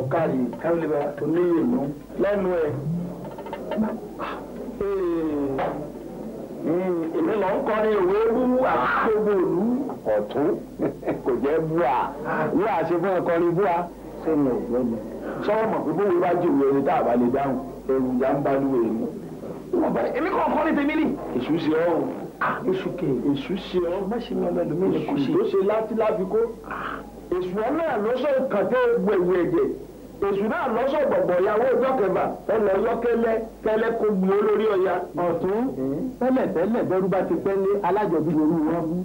[SPEAKER 1] ọ̀kadì kábílẹ̀bà oníyèmú lẹ́nu ẹ̀. èmi lọ ń kọrin ìwé wúwú àgbègbè òlú ọ̀tún kò jẹ́ búra wúwa ṣe fún ẹ̀kọrin búra sẹ́ni ọ̀gbẹ́ni mọ̀ pé bówó bá jù lórí tá a bá lè dáhùn ẹrù ìyá ń balùwẹ̀ mi. èmi kàn kọ́ ní tèmi ni. èṣù ṣe ọ́ o. èṣù kè èṣù ṣe ọ́. má ṣe máa bẹ̀rù mí lẹ́kọ̀ọ́ sí. èṣù tó ṣe láti láfi kó. èṣù náà lọ́sọ̀ kàtẹ́ gbẹ̀wẹ̀ ẹ̀jẹ̀ èṣù náà lọ́sọ̀ gbọ̀gbọ̀ ìyàwó ọjọ́ kẹfà ọlọ́yọ́ kẹlẹ́ kẹlẹ́ kó gbu olórí ọ̀ya. ọ̀tún hmm. tẹ́lẹ̀ tẹ́lẹ̀ bẹ́rú bá ti pẹ́ lé alájọbí yorù wọn bú.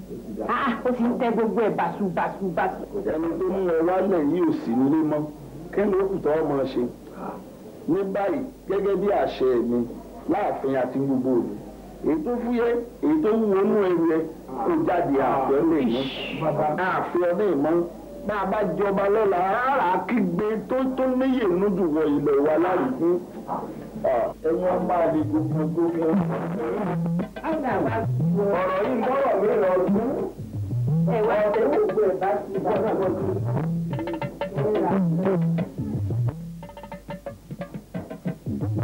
[SPEAKER 1] ó fi ń tẹ gbogbo ẹ̀ bàṣù bàṣù bàṣù. ẹni tó mú ọ wálẹ̀ yìí ò sí nílé mọ́ kẹ́ni ó kù tọ́ ọmọ ṣe ní báyìí gẹ́gẹ́ bí àṣẹ mi láàfin àti gbogbo mi èyí tó fúyẹ́ èyí tó wúwo nú ẹrù ẹ kó jáde àfẹ́ lè mọ́ àfẹ́ lè mọ́ bá a bá jọba lọ́la rárá kígbe tó tó níyè núdù wọ ilẹ̀ wa láyìí ẹ̀wọ̀n máa lè gbogbo gbogbo. ọ̀rọ̀ yìí bọ́rọ̀ mi lọ dún ẹ̀wọ̀n ẹ̀wọ̀n ìgbẹ́ bá ti dáná lọ́dún.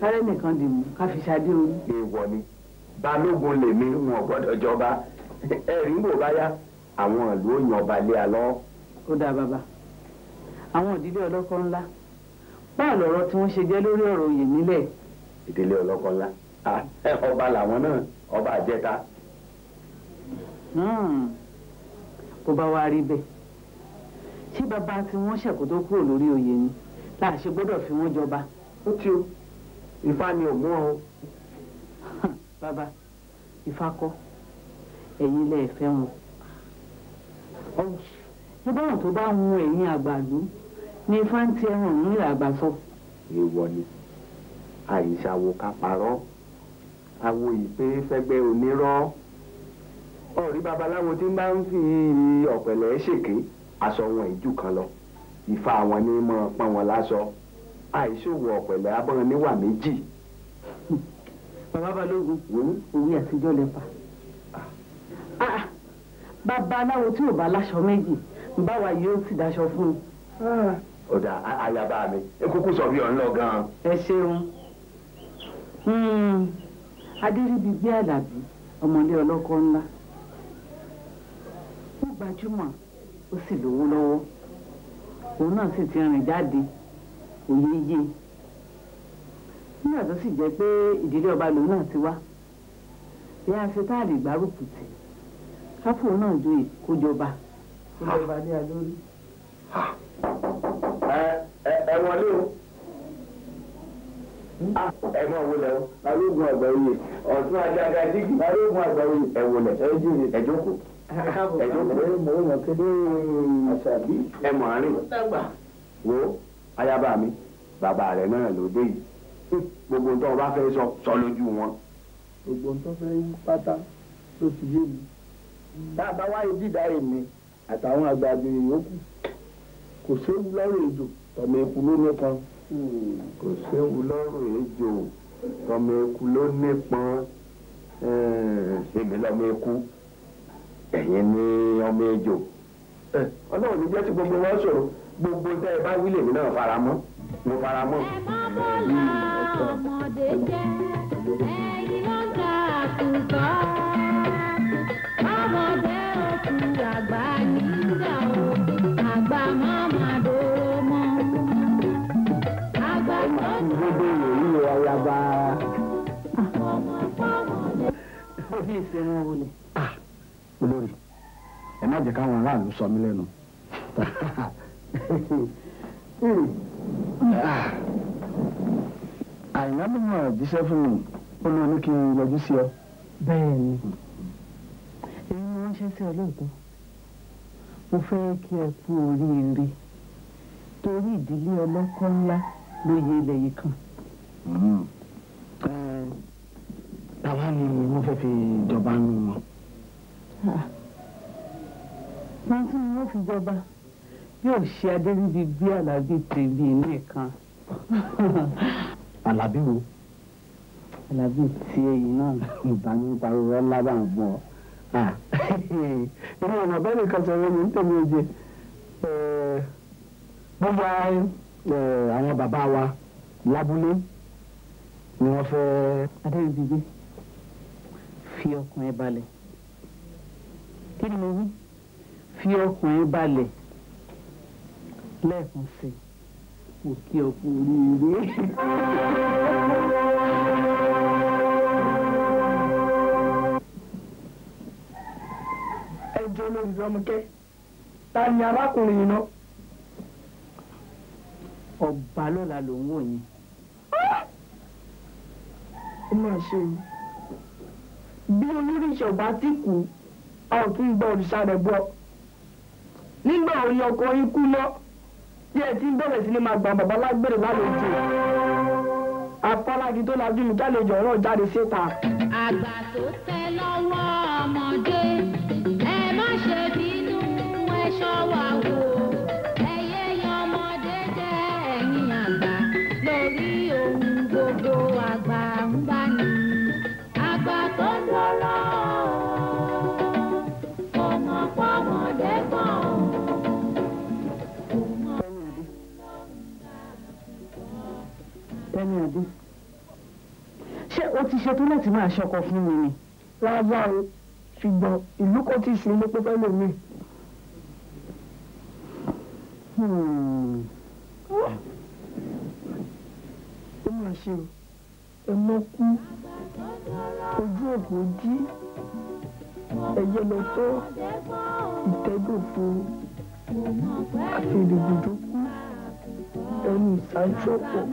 [SPEAKER 1] kárẹ́ nìkan dì mú ká fi ṣadé orí. èèwọ̀ ni balógun lèmi wọn gbọ́dọ̀ jọba ẹ̀rí ń bò báyá àwọn ìlú ò yan ọba lé alọ́. ó dáa bàbá àwọn ìdílé ọlọ́kọ ńlá báà lọ̀rọ̀ tí wọ́n ṣe jẹ́ lórí ọ̀rọ̀ òye nílẹ̀. ìdílé ọlọ́kọ ńlá ah, ọba làwọn náà ọba àjẹta. bó hmm. bá wá rí bẹ́ẹ̀ ṣé bàbá tí wọ́n ṣẹ̀kú tó kúrò lórí oyè ni láà ṣe gbọ́dọ̀ fi wọ́n jọba. ó ti o ifá ni òmú ọ. bàbá ifá kọ́ ẹ̀yin ilé ẹ̀fẹ́ wọn. ní báwọn tó bá ń hun ẹ̀yìn àgbàdo ni ifá ń ti ẹran òun ìlà àgbà sọ. èèwọ̀ ni àìṣàwò ká parọ́ àwo ìpè fẹ́gbẹ́ onírọ́ ọ̀rí babaláwo tí máa ń fi ọ̀pẹ̀lẹ̀ ṣèké aṣọ wọn ìjù kan lọ ìfà wọn ni mọ̀ pọ́n wọn láṣọ àìṣòwò ọ̀pẹ̀lẹ̀ abọ́n níwà méjì. bàbá balógun òwe àtijọ́ lè pa. Ah, ah. babaláwo tí ò bá láṣọ méjì báwa yóò ti daṣọ fún un. Ah. ọ̀dà ayaba mi kúkú sọ bí ọ̀nlọ gan-an. ẹ ṣeun hmm. adéríbi bí àlàbí ọmọlé ọlọ́kọ ńlá ó gbajúmọ̀ ó sì lówó lọ́wọ́ òun náà sì ti rìn jáde òye yé nígbà tó sì jẹ́ pé ìdílé ọba lòun náà ti wá bí a ṣe tá a lè gbárùkù tì kápò náà joyè kó jọba kó jọba ní alórí. ẹ wọlé o ẹ̀gbọ́n wo lẹ o balógun àgbà oyè ọ̀tún ajaga dígí balógun àgbà oyè ẹ wo lẹ ẹ jí ẹ jókòó ẹ jókòó ẹ mọ kéde àṣàbí ẹ mọ àárín wo ayaba mi bàbá rẹ náà lóde yìí gbogbo tó o bá fẹ́ sọ sọ lójú wọn. gbogbo tó fẹ́ yí pátá ló ti yé mi. tá a bá wáyé dídá èmi àtàwọn àgbàdo ìyókù kò séwu lọ́rùn èjò tọmọ eku ló nípọn. Hmm, kò séwu lọ́rùn èjò tọmọ eku ló nípọn ṣèmi eh, lọmọ eku ẹ̀yin ni ọmọ ejò. Eh, ọlọ́run ló jẹ́ tí gbogbo wọn sọ̀rọ̀ gbogbo tẹ́ ẹ bá wílẹ̀ mi náà fara mọ́ mo fara mọ́. ẹ má bọ́lá
[SPEAKER 2] ọmọdé jẹ́ ẹ̀yin ló ń ta àkùkọ ọmọdé òkú àgbà nígbà wo àgbà
[SPEAKER 1] mọ́ máa dó mọ́. àgbà tó ń bọ̀ gbogbo èyí ọ̀yàbá. ọmọ ìṣẹ̀wọ̀n wo ni. olórí ẹ má jẹ́ káwọn aráàlú sọ mí lẹ́nu. Ah. àyìnlá ló mọ̀ jíṣẹ́ fún mi ó ló ní kí n yọjú sí ọ. bẹ́ẹ̀ ni èyí ni wọ́n ṣe sí ọ lóòótọ́ mo fẹ́ kí ẹ kú oríire torí ìdílé ọlọ́kọ́ ńlá ló yẹ ilẹ̀ yìí kan. tàwa mm-hmm. eh, ni wọ́n fẹ́ fi jọba nù wọn. pàǹtí ah. ni wọ́n fi jọba yóò ṣe adébíbi bí alábí tèmi nìkan. alábí wo. alábí tí èyí náà ìbániparọ rọlá bá ń bọ. ìlú ọ̀nà bẹ́ẹ̀ nìkan sọ̀rọ̀ mi ń tẹ̀lé oje gbogbo àwọn bàbá wa lábúlé ni wọ́n fẹ́. adébíbi fi ọkàn ẹ balẹ̀ kí ni mo wí fi ọkàn ẹ balẹ̀ levam-se mo kí ọ kú É ẹ jẹ́ olórí lọ́mọkẹ́ ta ni arákùnrin yìí ná. ọba lọ́la ló ń wò yín. ó mà ṣe o bí olórí ìṣọ̀bá ti kú a ò tún gbọ́ òrìṣà rẹ̀ bọ́ nígbà orí ọkọ ikú náà tí ẹ ti ń bẹ̀rẹ̀ sí ni máa gbà bàbá lágbèrè lálejò afọlági tó lajú mi jálejò ọ̀rọ̀ jáde síta. àgbà
[SPEAKER 2] tó tẹ lọ́wọ́ ọmọdé ẹ má ṣe bínú ẹ ṣọ́ wa wò.
[SPEAKER 1] ṣetán láti máa ṣọkọ fún mi ni. rárá o ṣùgbọ́n ìlú kò tí ì ṣe ló pé fẹ́ lòmíì. Hmm. ó mà ṣe o
[SPEAKER 2] ẹ mọ kú ojú òkú jí ẹyẹ lọ tọ ìtẹdòfo àti ìdìbòdò kú
[SPEAKER 1] ẹnu ìsájú ọ̀pọ̀.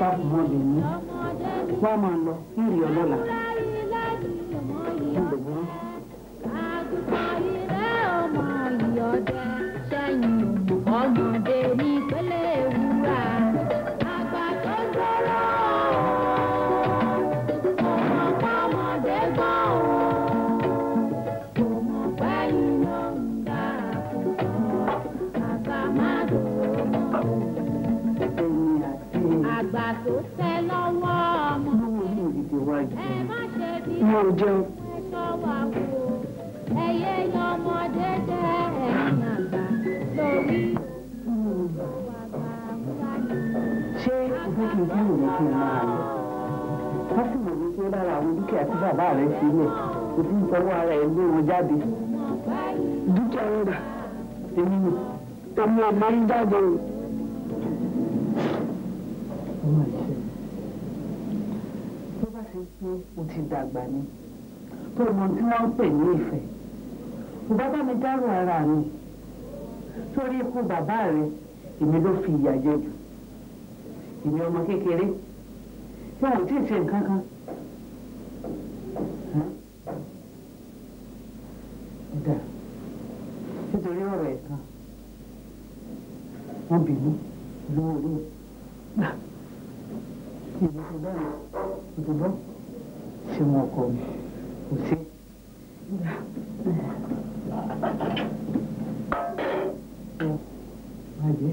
[SPEAKER 1] sáàbù mọ́ lè mú wá máa lọ ìrì ọlọ́la. Thank you. ṣojú wò ní kí n máa lọ wọ́n sì wò wípé lára àwọn dúkìá tí bàbá rẹ̀ fi lẹ̀ kò sí ìfọwọ́ ara ẹ̀ lé wọn jáde. dúkìá ń rà èmi nù èmi ò máa ń jáde o. tó bá ṣe pé o ti dàgbà ni tó mọ tí wọ́n ń pè ní ìfẹ́ kò mi dárò ara mi torí ikú bàbá rẹ̀ èmi ló fi ìyà jẹ jù ìyẹn ọmọ kékeré tí wọn ò tí ì ṣe nǹkan kan. ọ̀dà
[SPEAKER 2] nítorí ọ̀rọ̀ ẹ̀kan wọn bínú lówó orí gbà ìlú tó bá mi tó bọ́ ṣé wọn kọ mi kò sí. Thank you.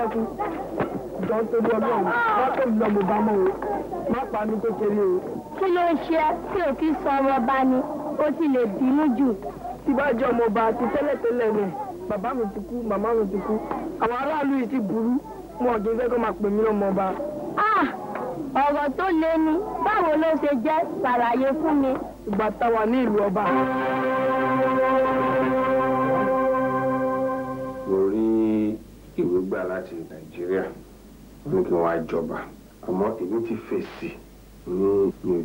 [SPEAKER 1] lẹ́kún jọ ń torí ọlọ́run má tó lọ mo bá mọ́ o má pa mí kékeré o. kí ló ń ṣe tí ò kí sọ ọmọ bá ní ó ti lè bínú jù. tí bá jẹ́ ọmọ ọba ti tẹ́lẹ̀tẹ́lẹ̀ ni bàbá mi ti kú màmá mi ti kú àwọn aráàlú yìí ti burú wọn ò fẹ́ kó máa pè mí lọ́mọ ọba. Ah! ọ̀rọ̀ tó lé ní báwo ló ṣe jẹ́ ṣàlàyé fún mi. ìgbà táwa ní ìlú ọba. àti nàìjíríà ní kí wọ́n á jọba èmi ti fèsì ní mi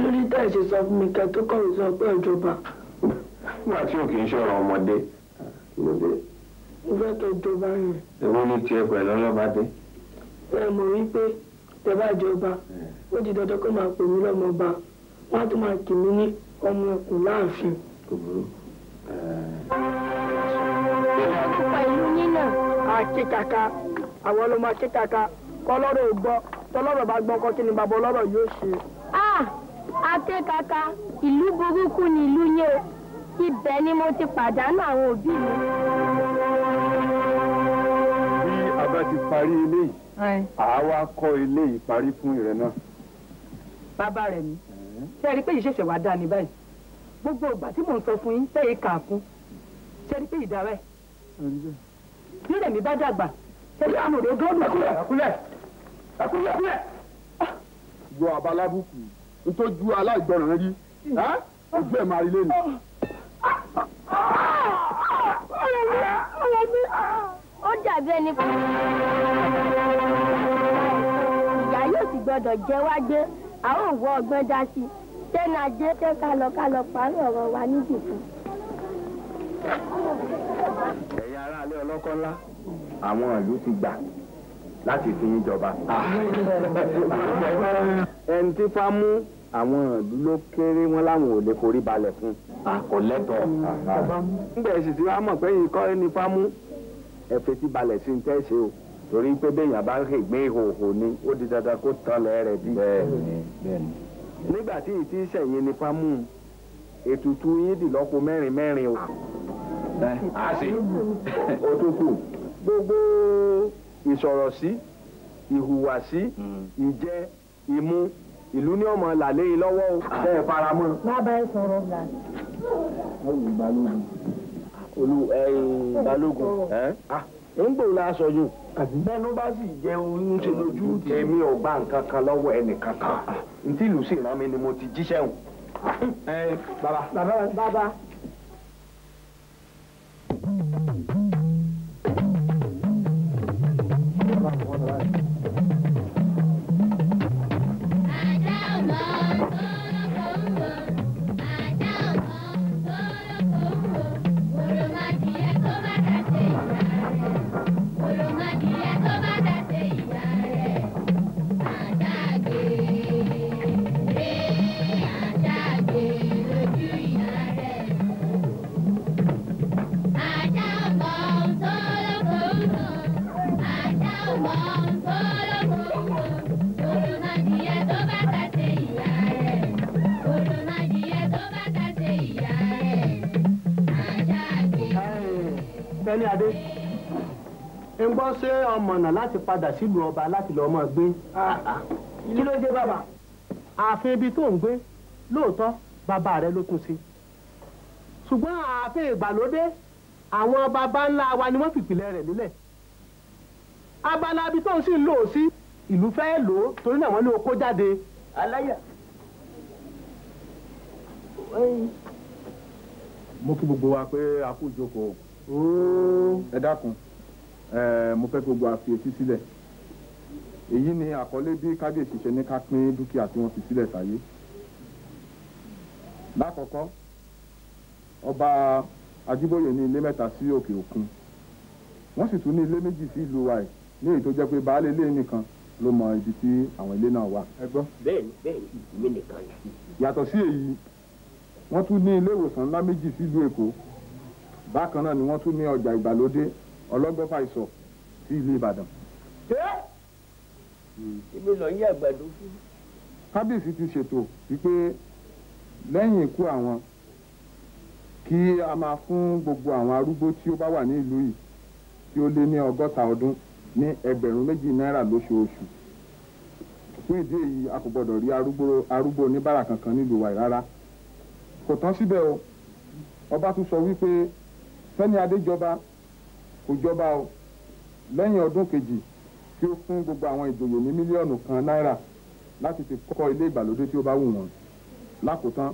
[SPEAKER 1] lórí tá ṣe sọ fún mi kẹ́ tó kọ̀wé sọ pé ìjọba. nígbà tí ò kì ṣọ̀rọ̀ ọmọdé lóde. mo fẹ́ kẹ́ jọba yẹn. èwo ni tiẹ̀ pẹ̀lú ọlọ́bàdé. ẹ mọ̀ wípé tẹ bá jọba eh. ó di dandan kó máa pè mí lọ́mọba wọ́n á tún máa kì mí ní ọmọ ọkùnrin láàfin náà àkíkàkà àwọn ló máa kíkàkà kọlọ́rọ̀ ò gbọ́ tọlọ́rọ̀ bá gbọ́ kọ́ kí ni bàbá ọlọ́rọ̀ yóò ṣe. akíkàkà ìlú burúkú ni ìlú yẹn ibẹ̀ ni mo ti pàdánù àwọn òbí mi. bí a bá ti parí ilé yìí
[SPEAKER 3] àwa kọ́ ilé yìí parí fún ìrẹ náà.
[SPEAKER 1] bàbá rẹ̀ mi ṣe é rí i pé yìí ṣẹ̀ṣẹ̀ wá dá ní báyìí gbogbo ìgbà tí mò ń sọ fún yín tẹ́ ẹ kà á kún ṣe rí i pé ìdára ẹ̀. bí rẹ̀mí bá dàgbà ṣẹlẹ̀ àmọ̀dé yọ aláìgbọràn rí máa rí ọ̀rọ̀ mi ọ̀rọ̀ mi ó dàbí ẹni ìyá yóò jẹ́ wá gbé a ó wọ ọgbọ́n dá sí i tẹ́nu ajé tẹ́ ọ̀rọ̀ lọ́kọ́ ńlá. àwọn ìlú ti gbà láti fi yín jọba. ẹni tí fa mú àwọn ìlú ló kéré wọn láwọn ò lè forí balẹ̀ fún. kò lẹ́tọ̀ọ́. nígbà èsì tí wàá mọ̀ pé yìí kọ́ ẹni fa mú ẹ fetí balẹ̀ sí ní o torí pé béèyàn bá rè gbé ìhòòhò ni ó di dandan kó tán lẹ́rẹ̀ẹ́ bí. bẹ́ẹ̀ ni bẹ́ẹ̀ ni. nígbà tí ì ti ni fa mú un. ètùtù yín dì lọ́pọ̀ mẹ́rin mẹ́rin o. a sì gbogbo ìsọ̀rọ̀sí ìhùwàsí hmm. ìjẹ ìmu ìlú ní ọmọ làlẹ́ yìí lọ́wọ́ o. bẹ́ẹ̀ faramọ́. bàbá ẹ sọ̀rọ̀ là. olú balógun. balógun. Ah, ń la sọ yìí. bẹ́ẹ̀ni bá sì jẹ oyún ṣe lójú tèmi ò bá nǹkan kan lọ́wọ́ ẹnì kankan. Ah, ah. ntí rán mi ni mo ti jíṣẹ́ 哎，爸爸，爸爸，爸爸。mọ̀nà láti padà sílùú ọba láti lọ́ọ́ mọ̀ gbé. kí ló dé bàbá. ààfin ibi tó ń gbé lóòótọ́ bàbá rẹ ló tún sí. ṣùgbọ́n ààfin ìgbàlódé àwọn baba ńlá wa ni wọ́n fìpìlẹ̀ rẹ̀ nílẹ̀. abala ibi tó ń sì ń lò ó sí ìlú fẹ́ lò ó torí náà wọ́n ní okó jáde. aláyà
[SPEAKER 3] mo kí gbogbo wa pé a kú ìjókòó ẹ dákun mo fẹ́ kí gbogbo àfiyèsí sílẹ̀ èyí ni àkọlé bí kábíyèsí ṣe ní ká pín dúkìá tí wọ́n fi sílẹ̀ sáyé lákọ̀ọ́kọ́ ọba Ajíbóyè ní ilé mẹ́ta sí òkè òkun wọ́n sì tún ní ilé méjì sí ìlú wa yìí ní èyí tó jẹ́ pé baálé ilé nìkan ló mọ ibi tí àwọn ilé náà wà. ẹ gbọ́. bẹ́ẹ̀ni bẹ́ẹ̀ni mi nìkan ni. yàtọ̀ sí èyí wọ́n tún ní ilé ìwòsàn ńlá méjì sílùú Èkó bákan náà ni wọ́n tún ní ọjà ìgbàlódé ọlọ́gbọ́fà ìsọ̀ sí ìlú ìbàdàn.
[SPEAKER 1] ṣé ibi lọ yí àgbàdo fún.
[SPEAKER 3] kábíyèsí ti ṣètò wípé lẹ́yìn ikú àwọn kí a máa fún gbogbo àwọn arúgbó tí ó bá wà ní ìlú yìí tí ó lé ní ọgọ́ta ọdún ní ẹgbẹ̀rún méjì náírà lóṣooṣù fún ìdí èyí a kò gbọdọ̀ rí arúgbó oníbàárà kankan nílùú wa rárá kò tán síbẹ̀ o ọba tún sọ wípé fẹ́ni adéjọba kò jọba o lẹ́yìn ọdún kejì kí ó fún gbogbo àwọn ìjòyè ní mílíọ̀nù kan náírà láti fi kọ́ ilé ìgbàlódé tí ó bá wù wọ́n lákòótán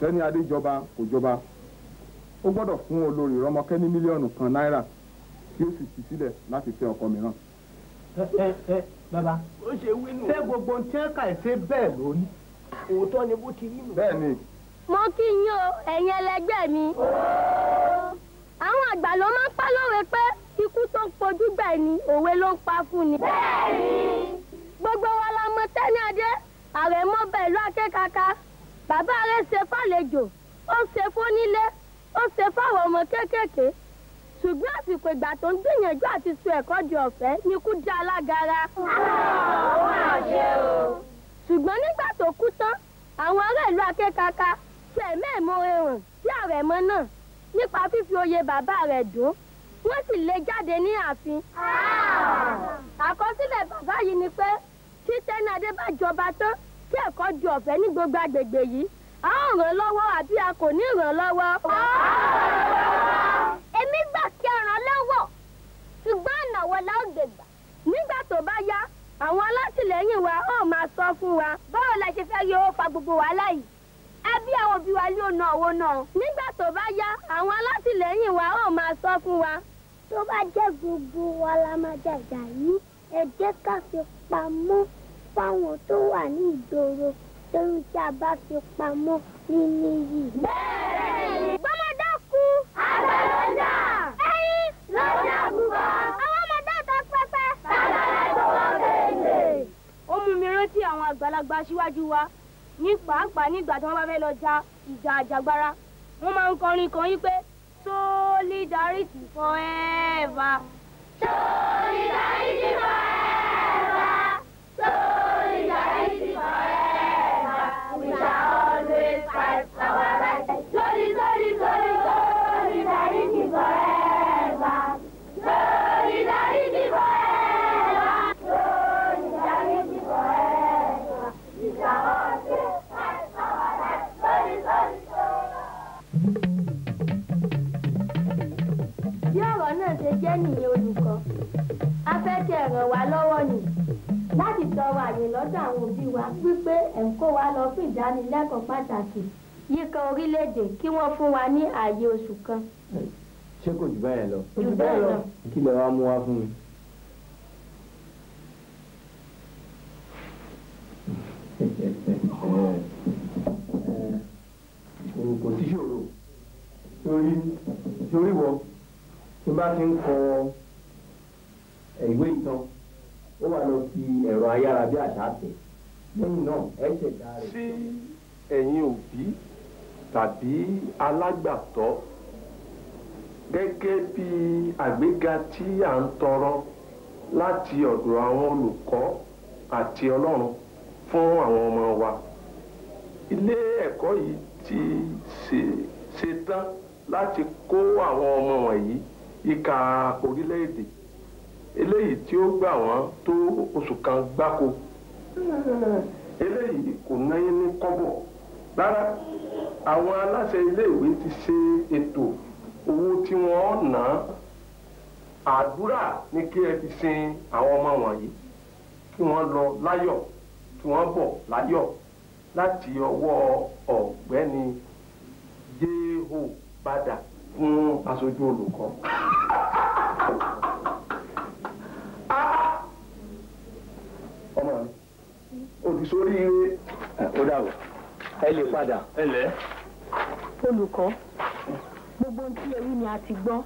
[SPEAKER 3] tẹ́ni adéjọba kò jọba ó gbọ́dọ̀ fún olórí rọmọkẹ́ ní mílíọ̀nù kan náírà kí ó sì fi sílẹ̀ láti fẹ́ ọkọ mìíràn.
[SPEAKER 1] ẹ ẹ ẹ bàbá ó ṣe wí nù. ṣé gbogbo ohun tí ẹ kà ṣe bẹ́ẹ̀ lórí. òótọ́ ni bó ti rí nù. bẹ́ẹ̀ ni. mo kí yín o ẹ̀yin ẹlẹgbẹ́ mi àwọn àgbà ló máa ń pa lówe pé ikú tó pojú gbà ni òwe ló ń pa fún ni. bẹ́ẹ̀ni. gbogbo wa la mọ̀ Tẹ́ni Adé àrẹ̀mọ bẹ̀lú akékaka bàbá rẹ̀ ṣe fàlejò ó ṣe fónílé ó ṣe fáwọn ọmọ kéékèèké ṣùgbọ́n àsìkò ìgbà tó ń gbìyànjú àti sun ẹ̀kọ́ di ọ̀fẹ́ ni kú dá alágara. ṣùgbọ́n nígbà tó kú tán àwọn ará ìlú akékaka fẹ̀mẹ́ẹ̀mọ́ ẹ̀wọ̀n sí àrẹ̀mọ náà nípa fífi oyè bàbá rẹ̀ dùn wọ́n sì lé jáde ní ààfin. àkọsílẹ̀ bàbá yìí ni pé kí Tẹ́ni Adé bá jọba tán kí ẹ̀kọ́ di ọ̀fẹ́ ní gbogbo agbègbè yìí a ó ràn lọ́wọ́ àbí a kò ní ràn lọ́wọ́. èmi gbà kí a ràn lọ́wọ́ ṣùgbọ́n ànáwó la ó gbègbà. nígbà tó bá yá àwọn alátìlẹyìn wa ó máa sọ fún wa. báwo la ṣe fẹ́ rí owó pa gbogbo wàhálà yìí bí àwọn òbí wa ló na owó náà. nígbà tó bá yá àwọn alátìlẹyìn wa ó máa sọ fún wa. tó bá jẹ́ gbogbo wa la máa jàjà yìí ẹ jẹ́ ká fi pamọ́ fáwọn tó wà ní ìgboro torí tí a bá
[SPEAKER 2] fi pamọ́ ní níyì. bẹ́ẹ̀ni. gbọ́mọdé
[SPEAKER 1] kú. àgbà ló
[SPEAKER 2] ń jà. ẹyin ló ń jà púpọ̀. àwọn ọmọdé ta pẹpẹ. tàbí àìsàn
[SPEAKER 1] wọn kéde. ó mú mi rántí àwọn àgbàlagbà síwájú wa ní pàápàá nígbà tí wọ́n bá fẹ́ lọ ja ìjà àjàgbara wọ́n máa ń kọrin kan yín pé solidarity forever. solidarity forever. ẹ ràn wá lọ́wọ́ ni láti tọrọ àyè lọ́dọ̀ àwọn òbí wa wípé ẹ̀ ń kó wa lọ fún ìdánilẹ́kọ̀ọ́ pàtàkì yíká orílẹ̀-èdè kí wọ́n fún wa ní ààyè oṣù kan. ṣé kò jù báyẹn lọ. jù bẹ́ẹ̀ lọ. kí lè wá mú wá fún mi. kò sí ṣòro torí torí wọ tí bá ti ń kọ ọ ìwé ìtàn ó wà lọ fi ẹ̀rọ ayára bí àṣà tẹ̀ lẹ́yìn náà ẹ ṣẹ̀dá rẹ̀. sí ẹ̀yin òbí tàbí alágbàtọ́ gẹ́gẹ́ bí àgbéga tí à ń tọrọ láti ọ̀dọ̀ àwọn olùkọ́ àti ọlọ́run fún àwọn ọmọ wa ilé ẹ̀kọ́ yìí ti ṣetán láti kó àwọn ọmọ wọ̀nyí ìka orílẹ̀-èdè eléyìí tí ó gbà wọ́n tó oṣù kan gbáko eléyìí kò náyé ní kọ́bọ̀ rárá àwọn aláṣẹ iléèwé ti ṣe ètò owó tí wọ́n ná àdúrà ní kí ẹ fi sin àwọn ọmọ wọ̀nyí kí wọ́n lọ láyọ̀ kí wọ́n bọ̀ láyọ̀ láti ọwọ́ ọ̀gbẹ́ni jéhò padà fún aṣojú olùkọ́. ọmọ mi o ti sórí ire ó dà o ẹ lè padà. ẹ lẹ. olùkọ́ gbogbo ohun tí ẹ wí ni a ti gbọ́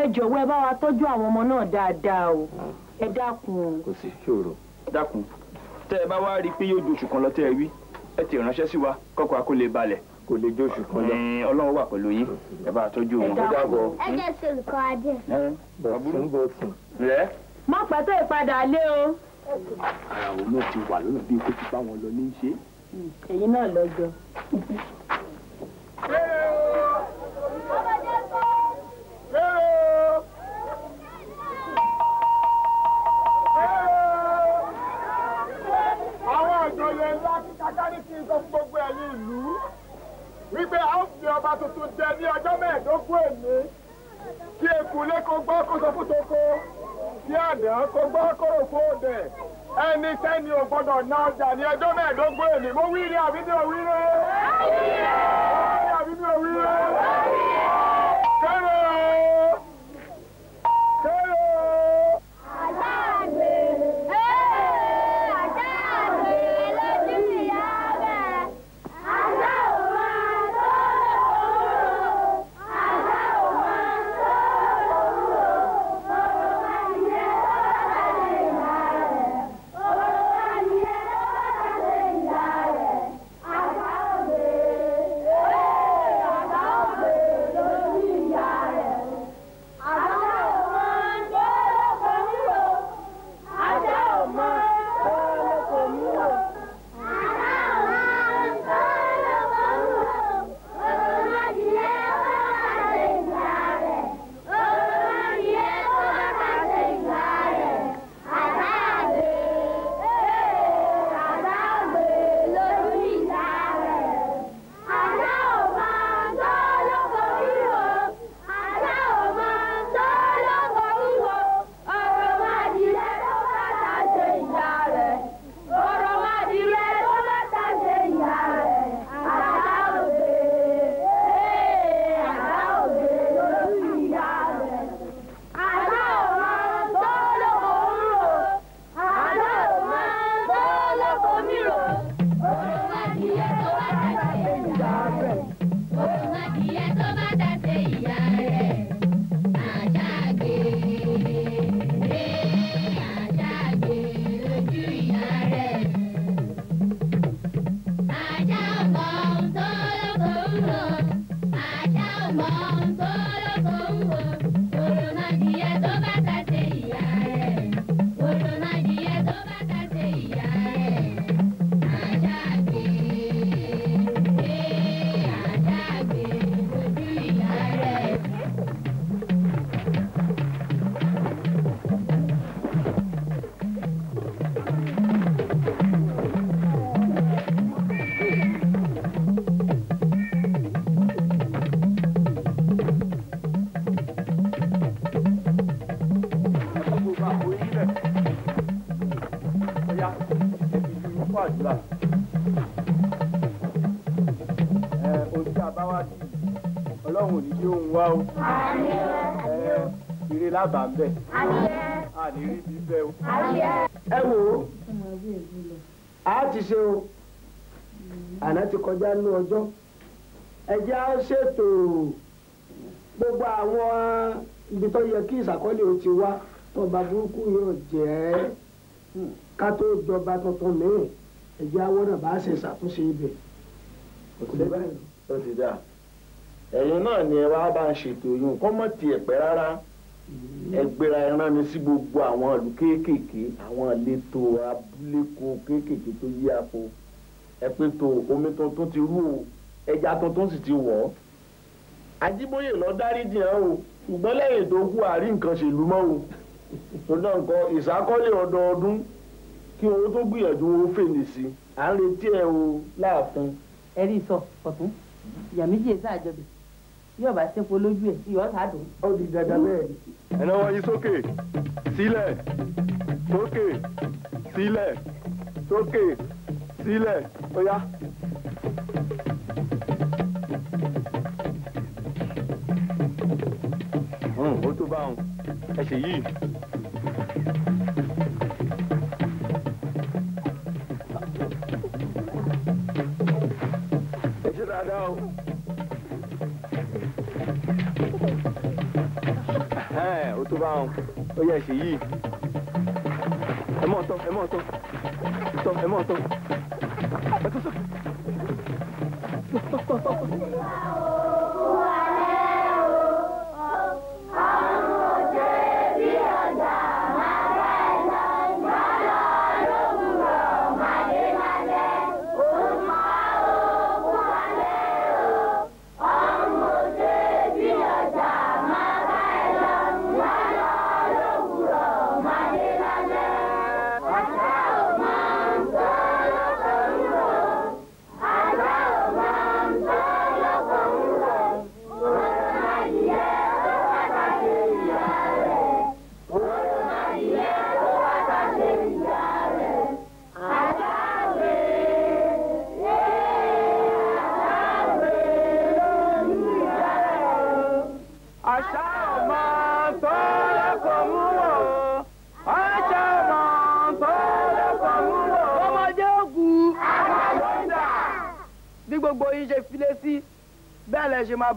[SPEAKER 1] ẹ jọ̀wọ́ ẹ bá wa tọ́jú àwọn ọmọ náà dáadáa o ẹ dákun o. kò sí ṣòro. dákun tẹ ẹ bá wá rí i pé yóò ju oṣù kan lọ tẹ ẹ wí ẹ ti ránṣẹ́ sí wa kọ́kọ́ akó lè balẹ̀. kò lè jó oṣù kan lọ. ọlọ́run wà pẹ̀lú yín ẹ bá tọ́jú wọn. ẹ dábọ̀. ẹ jẹ́ sọ̀rọ̀ kọ́ adé. bọ̀tún bọ̀tún. rẹ. má pàtó ìpadà lé o ara òun náà ti wà lọ́nà bíi kó ti bá wọn lọ ní í ṣe. ẹ̀yin náà lọ jọ. wípé a ó fi ọba tuntun jẹ ní ọjọ́ mẹ́ẹ̀ẹ́dógún èmi kí ekulé kó gbọ́ kó sọ fún toko sí àdán kó gbọ́ kóró kó dẹ̀ ẹnikẹ́ni ò gbọ́dọ̀ na ọjà ní ẹjọ́ mẹ́ẹ̀ẹ́dógún èmi mo wí ni àbí mi ò mo wí ni àbí mi ò àdúrà ẹ ojú àbáwá sí ọlọ́run ò ní yí òun wá o ẹ ire lábà ń bẹ àní rí bí bẹ o ẹ wò ó a ti ṣe o àná ti kọjá ní ọjọ́ ẹ jẹ́ á ṣètò gbogbo àwọn ibi tó yẹ kí ìṣàkọ́lé o ti wá tọba burúkú yóò jẹ́ ká tó jọba tuntun mìíràn ẹ̀jẹ̀ awọ́nà bá ṣe ṣàtúnṣe ibẹ̀. ó ti dà ẹ̀yin náà ni ẹ wá bá ń ṣètò oyún kọ́ mọ̀ tiẹ̀ pẹ́ rárá ẹ gbéra ẹ rán mi sí gbogbo àwọn ìlú kéékèèké àwọn ìletò abúléko kéékèèké tó yí apò ẹ pé tó omi tuntun ti rú o ẹja tuntun sì ti wọ̀ ọ́ Ajíbóyè lọ dáríjì hàn o ṣùgbọ́n lẹ́yìn tó kú àrí nǹkan ṣèlú mọ́ o tó náà nǹkan ìsákọ́lé ọdọọdún kí owó tó gbìyànjú owó fèlè sí à ń retí ẹ o láàfin. ẹ rí sọ ọtún ìyá méjì ẹ sáà jọbẹ yóò bá sẹpọ lójú ẹ ìyọ sáà dùn. ó di dandan bẹ́ẹ̀. ẹ̀nà wọ̀nyí sókè sílẹ̀ sókè
[SPEAKER 3] sílẹ̀ sókè sílẹ̀ ó yá.
[SPEAKER 1] ó tó bá wọn ẹ ṣe yìí. ariwo tó bá hàn ó yẹ ṣe yìí ẹ mọ̀ tán ẹ mọ̀ tán tán ẹ mọ̀ tán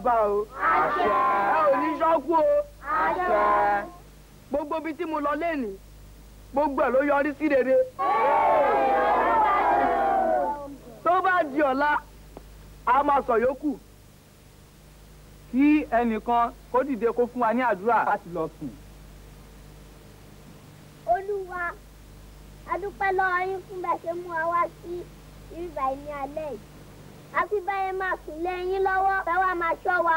[SPEAKER 1] lágbà o. àṣẹ. ẹ ò ní ṣọ́kú o. àṣẹ. gbogbo ibi tí mo lọ lénìí gbogbo ẹ̀ ló yọrí sí rere. tó bá di ọ̀la a máa sọ yòókù. kí ẹnìkan kó dìde kó fún wa ní àdúrà láti lọ sùn. olúwa a lọ́wọ́ yín fún bẹ́ẹ̀ ṣe mú wa wá sí irúgbà ní alẹ́ yìí àti báyẹn máa sùn lé yín lọ́wọ́ táwa máa ṣọ́ wa.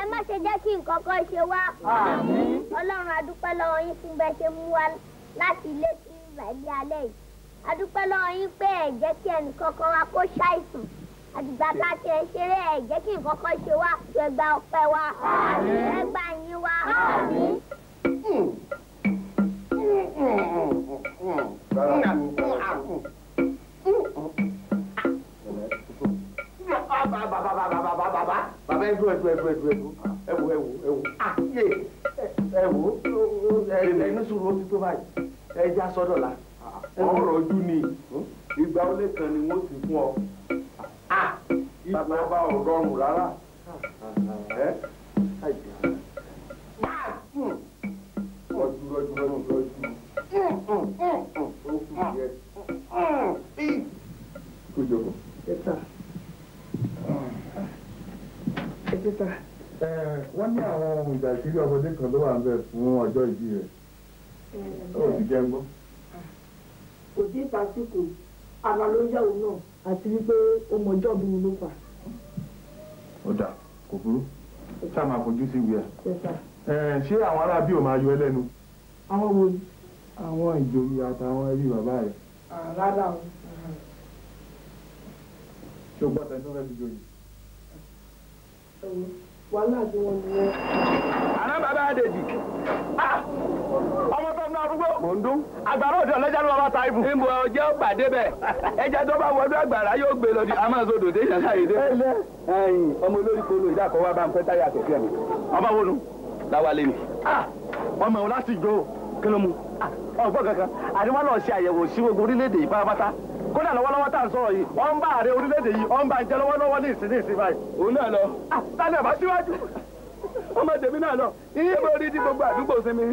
[SPEAKER 1] ẹ má ṣe jẹ́ kí nǹkan kan ṣe wá. ọlọ́run adúpẹ́ lọ́wọ́ yín fún bẹ́ẹ̀ ṣe mú wa láti ilé sí ìrẹ̀lẹ̀ alẹ́ yìí. adúpẹ́ lọ́wọ́ yín pé ẹ̀ jẹ́ kí ẹnìkan kan wa kó ṣàìsàn. àdìgbà tá a ti ṣeré ẹ̀ jẹ́ kí nǹkan kan ṣe wá. ẹ gba ọpẹ́ wa. ẹ gba yín wa. Mm-mm. bàbá ẹ̀dùn ẹ̀dùn ẹ̀dùn ẹ̀dùn ẹ̀wù ẹ̀wù ẹ̀wù àyè ẹ̀wù ẹ̀nu sùúrù ó ti tó báyìí ẹja sọ́dọ̀ la. Ah, ọ̀rọ̀ ojú ni hmm? ìgbà ó lé kan ni wọ́n ti fún ọ. Ah, ìgbà bá ọ̀rọ̀rùn rárá. máa sùn. ọ̀jú ọ̀jú ọ̀jú ọ̀jú. ó kù díẹ̀. Ah, hmm, hmm. kó jọ̀bọ̀. ẹ ta wọ́n ní
[SPEAKER 3] àwọn ohun ìgbà ìṣírí ọmọdé kan ló wà ń bẹ̀ fún ọjọ́ ìbí rẹ̀ ó sì jẹ́ ń gbọ́.
[SPEAKER 1] kò sí ìpàsíkò àná ló yá òun náà àti wípé ó mọjọ́ bí mo ló fà.
[SPEAKER 3] ó dà kò burú ṣá máa fojú sí ìwé ẹ ṣé àwọn aráabí ò máa yọ ẹ lẹ́nu. àwọn wo ni. àwọn ìjòyè àtàwọn ẹbí bàbá rẹ. rárá o. ṣé o gbọ́ tẹ́tí tó fẹ́ fi jòyè
[SPEAKER 1] wàhálà tí wọ́n ní wọn. àná bàbá àdèjì ah! ọmọ tọ́mọ arúgbó mòndó àgbàrá òde ọlọ́jà ló bá ta ibù. ìmọ̀ ọjọ́ pàdé bẹ́ẹ̀ ẹja tó bá wọnú àgbàrá yóò gbé lọ di amásodò dé yàrá yìí dé. ẹ̀yin ọmọ olórí kolo ìdáàkọ wa bá ń pẹ táyà kẹ̀kẹ́ mi. ọmọ wo nu láwálé ni. Ah! ọmọ òun láti jó kí ló mu. Ah! ọgbọ́n kankan àdìmọ́ lọ ṣe àyẹ̀wò sí gbogbo orílẹ̀-èdè yìí pátápátá kódà lọ́wọ́lọ́wọ́ tá à ń sọ̀rọ̀ yìí wọ́n ń bá ààrẹ orílẹ̀-èdè yìí wọ́n ń bá ń jẹ lọ́wọ́lọ́wọ́ ní ìsìn ní ìsìn báyìí. òun náà lọ. àtàlù ah, ẹ̀ bá síwájú ọmọ tèmi náà lọ iye mo rí ní gbogbo àdúgbò sinmi.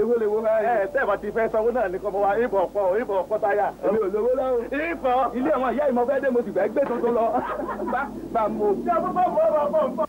[SPEAKER 1] ewo lè wo báyìí. ẹ tẹ́ ẹ bá ti fẹ́ sanwó náà ní kọ́mọ wa ìbọn ọ̀pọ̀ ìbọn ọ̀pọ̀ táyà. èmi ò lówó lọ́wọ́. ìbọn ilé àwọn ìyá ìmọ̀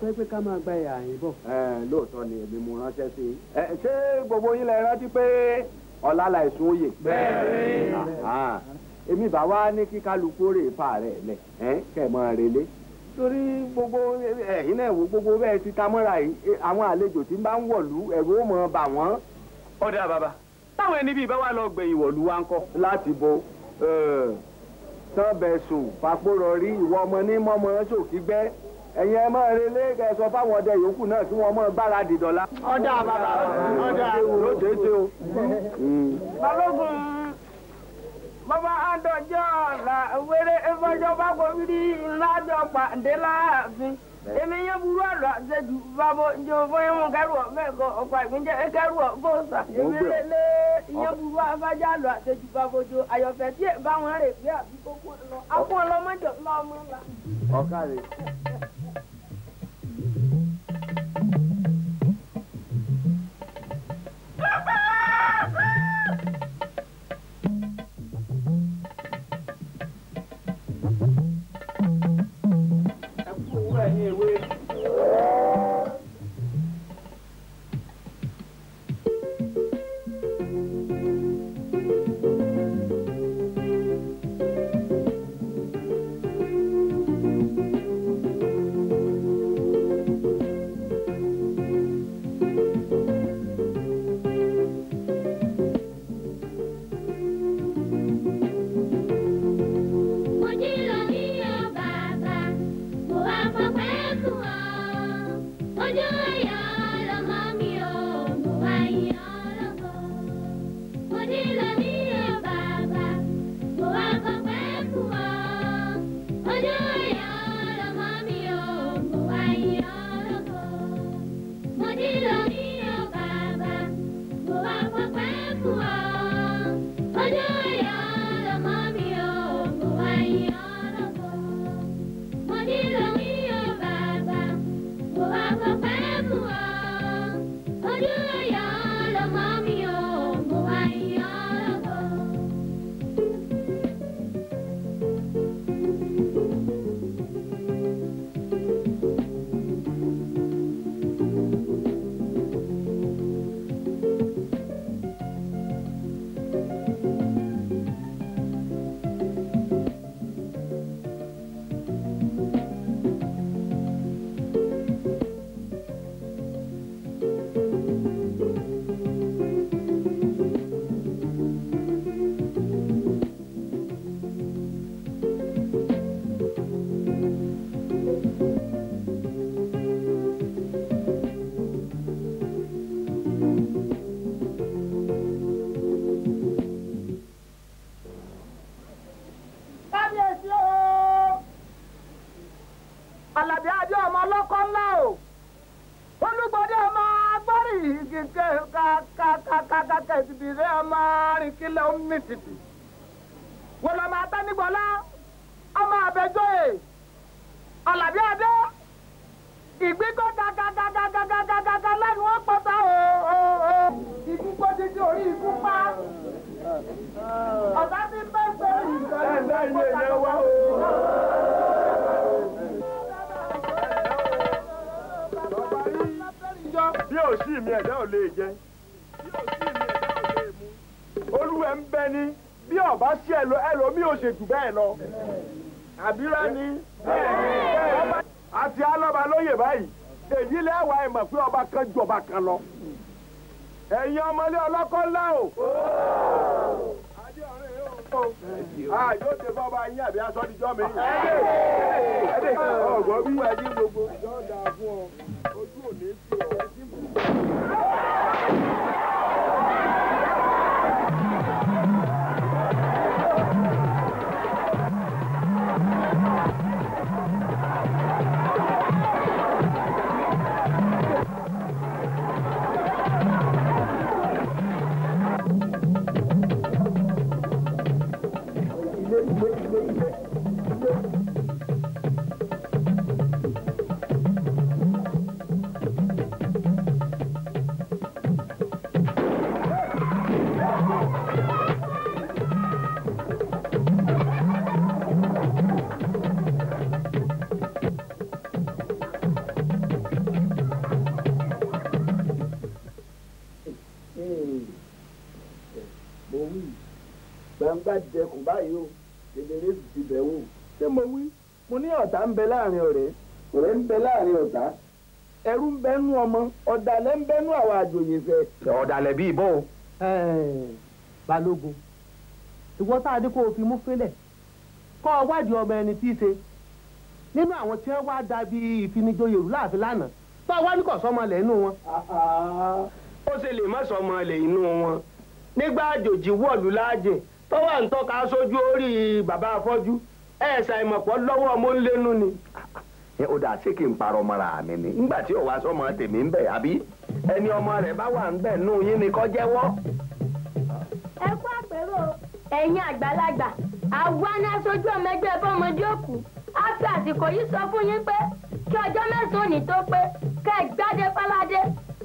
[SPEAKER 1] sọ pé ká máa gba ẹ̀yà àyìnbọ̀. lóòótọ́ ni èmi mo ránṣẹ́ sí i. ṣé gbogbo yín lẹ rántí pé ọ̀la láìsùn òye. bẹ́ẹ̀ ni. Ah, ah. èmi bá wá ní kí kálukú rè fà rẹ̀ lẹ̀ kẹ́ mọ́ relé torí gbogbo ẹ̀yin náà wo gbogbo bẹ́ẹ̀ ti ta mọ́ra yìí àwọn àlejò tí ń bá ń wọ̀lú ẹ̀rù ó mọ̀ bà wọ́n. ọ̀dà bàbá táwọn ẹni bíi bá lọ gbẹ̀yìn wọ̀lú wa ń kọ́. láti bo tán bẹ̀ sùn fapó rọrí ìwọ ọmọ ní mọ́mọ́ sòkí gbẹ́ ẹ̀yin ẹ máa relé kẹsọ fáwọn ọdẹ yòókù náà kí wọ́n máa gbáradì dọ̀la. ọ̀dà bàbá ọ̀dà lóde ṣe o. Hmm. balógun bàbá àdọ̀jọ́ ọ̀la wẹ́rẹ́ ẹ̀fọ́jọ́ bá gomi rí ńlájọ pàdé láàfin èmi yẹn burú àlọ́ àṣejù bàbá ǹjẹ́ òfò yẹn mú kẹrù ọ̀fẹ́ kọ ọ̀pá ìpínjẹ́ kẹrù ọ̀fọ́ sà èmi lè lé ìyẹn burú afájà àlọ́ àṣejù bàbá ojo àyọ̀fẹ́ tí báwọn rè pé àbí kókó lọ akó ọlọmọdé ọlọmọ ńlá. ọ̀kadì. We're bá dẹkùn báyìí o kedere sì ti bẹ̀ wò. ṣé mo wí mo ní ọ̀tá ń bẹ láàrin ọ̀rẹ́ ọ̀rẹ́ ń bẹ láàrin ọ̀tá ẹrú ń ọmọ ọ̀dàlẹ̀ ń bẹ àwọn àjòyè fẹ́. bíi balógun ìwọ fi mú fílẹ̀ kọ́ ọ wádìí ẹni tí í ṣe nínú àwọn tí wọ́n wá láàfin lánàá tó wá ní inú wọn. ó ṣe wọn nígbà àjòjì wọ̀lú tó ntọka ń tọ́ka sójú orí bàbá afọ́jú sa ṣàìmọ̀pọ̀ lọ́wọ́ ọmọ ńlẹ́nu ni. ó dà sí kí n parọ́ mara mi ni nígbà tí òwa tèmi ń àbí ẹni ọmọ rẹ̀ bá wà ń nù yín ni jẹ́wọ́. ẹ kú àpérò ẹ̀yin àgbàlagbà ọmọ ẹgbẹ́ fọmọdé òkú àsìkò sọ fún yín pé kí ọjọ́ mẹ́sàn-án tó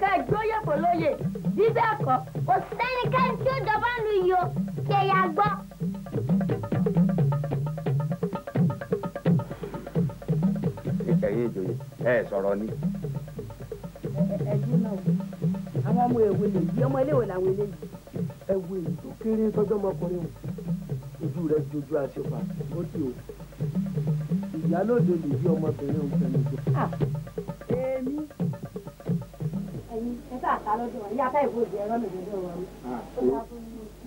[SPEAKER 1] kẹgbóyè kò lóye bíbẹ́ ẹ̀kọ́. kò sẹ́nikẹ́ni tí ó jọba lu yìí o kí gbọ́. ẹ̀yin ìjòyè ẹ sọ̀rọ̀ ni. ẹ̀yin náà àwọn ọmọ èwe lè yí ọmọ iléèwé làwọn eléyìí. ẹ̀wù tó kéré sọ́jọ́ ọmọkùnrin o ojú rẹ̀ jojú àṣepa ó ti o ìyálòde lè yí ọmọbìnrin òun fẹ́mi jẹ. èmi ẹ̀yin ẹ bá ta lọ́dọ̀ wọn yàtọ̀ ìbòjì ẹ̀rọ mi lọ́dọ̀ wọn. Ah,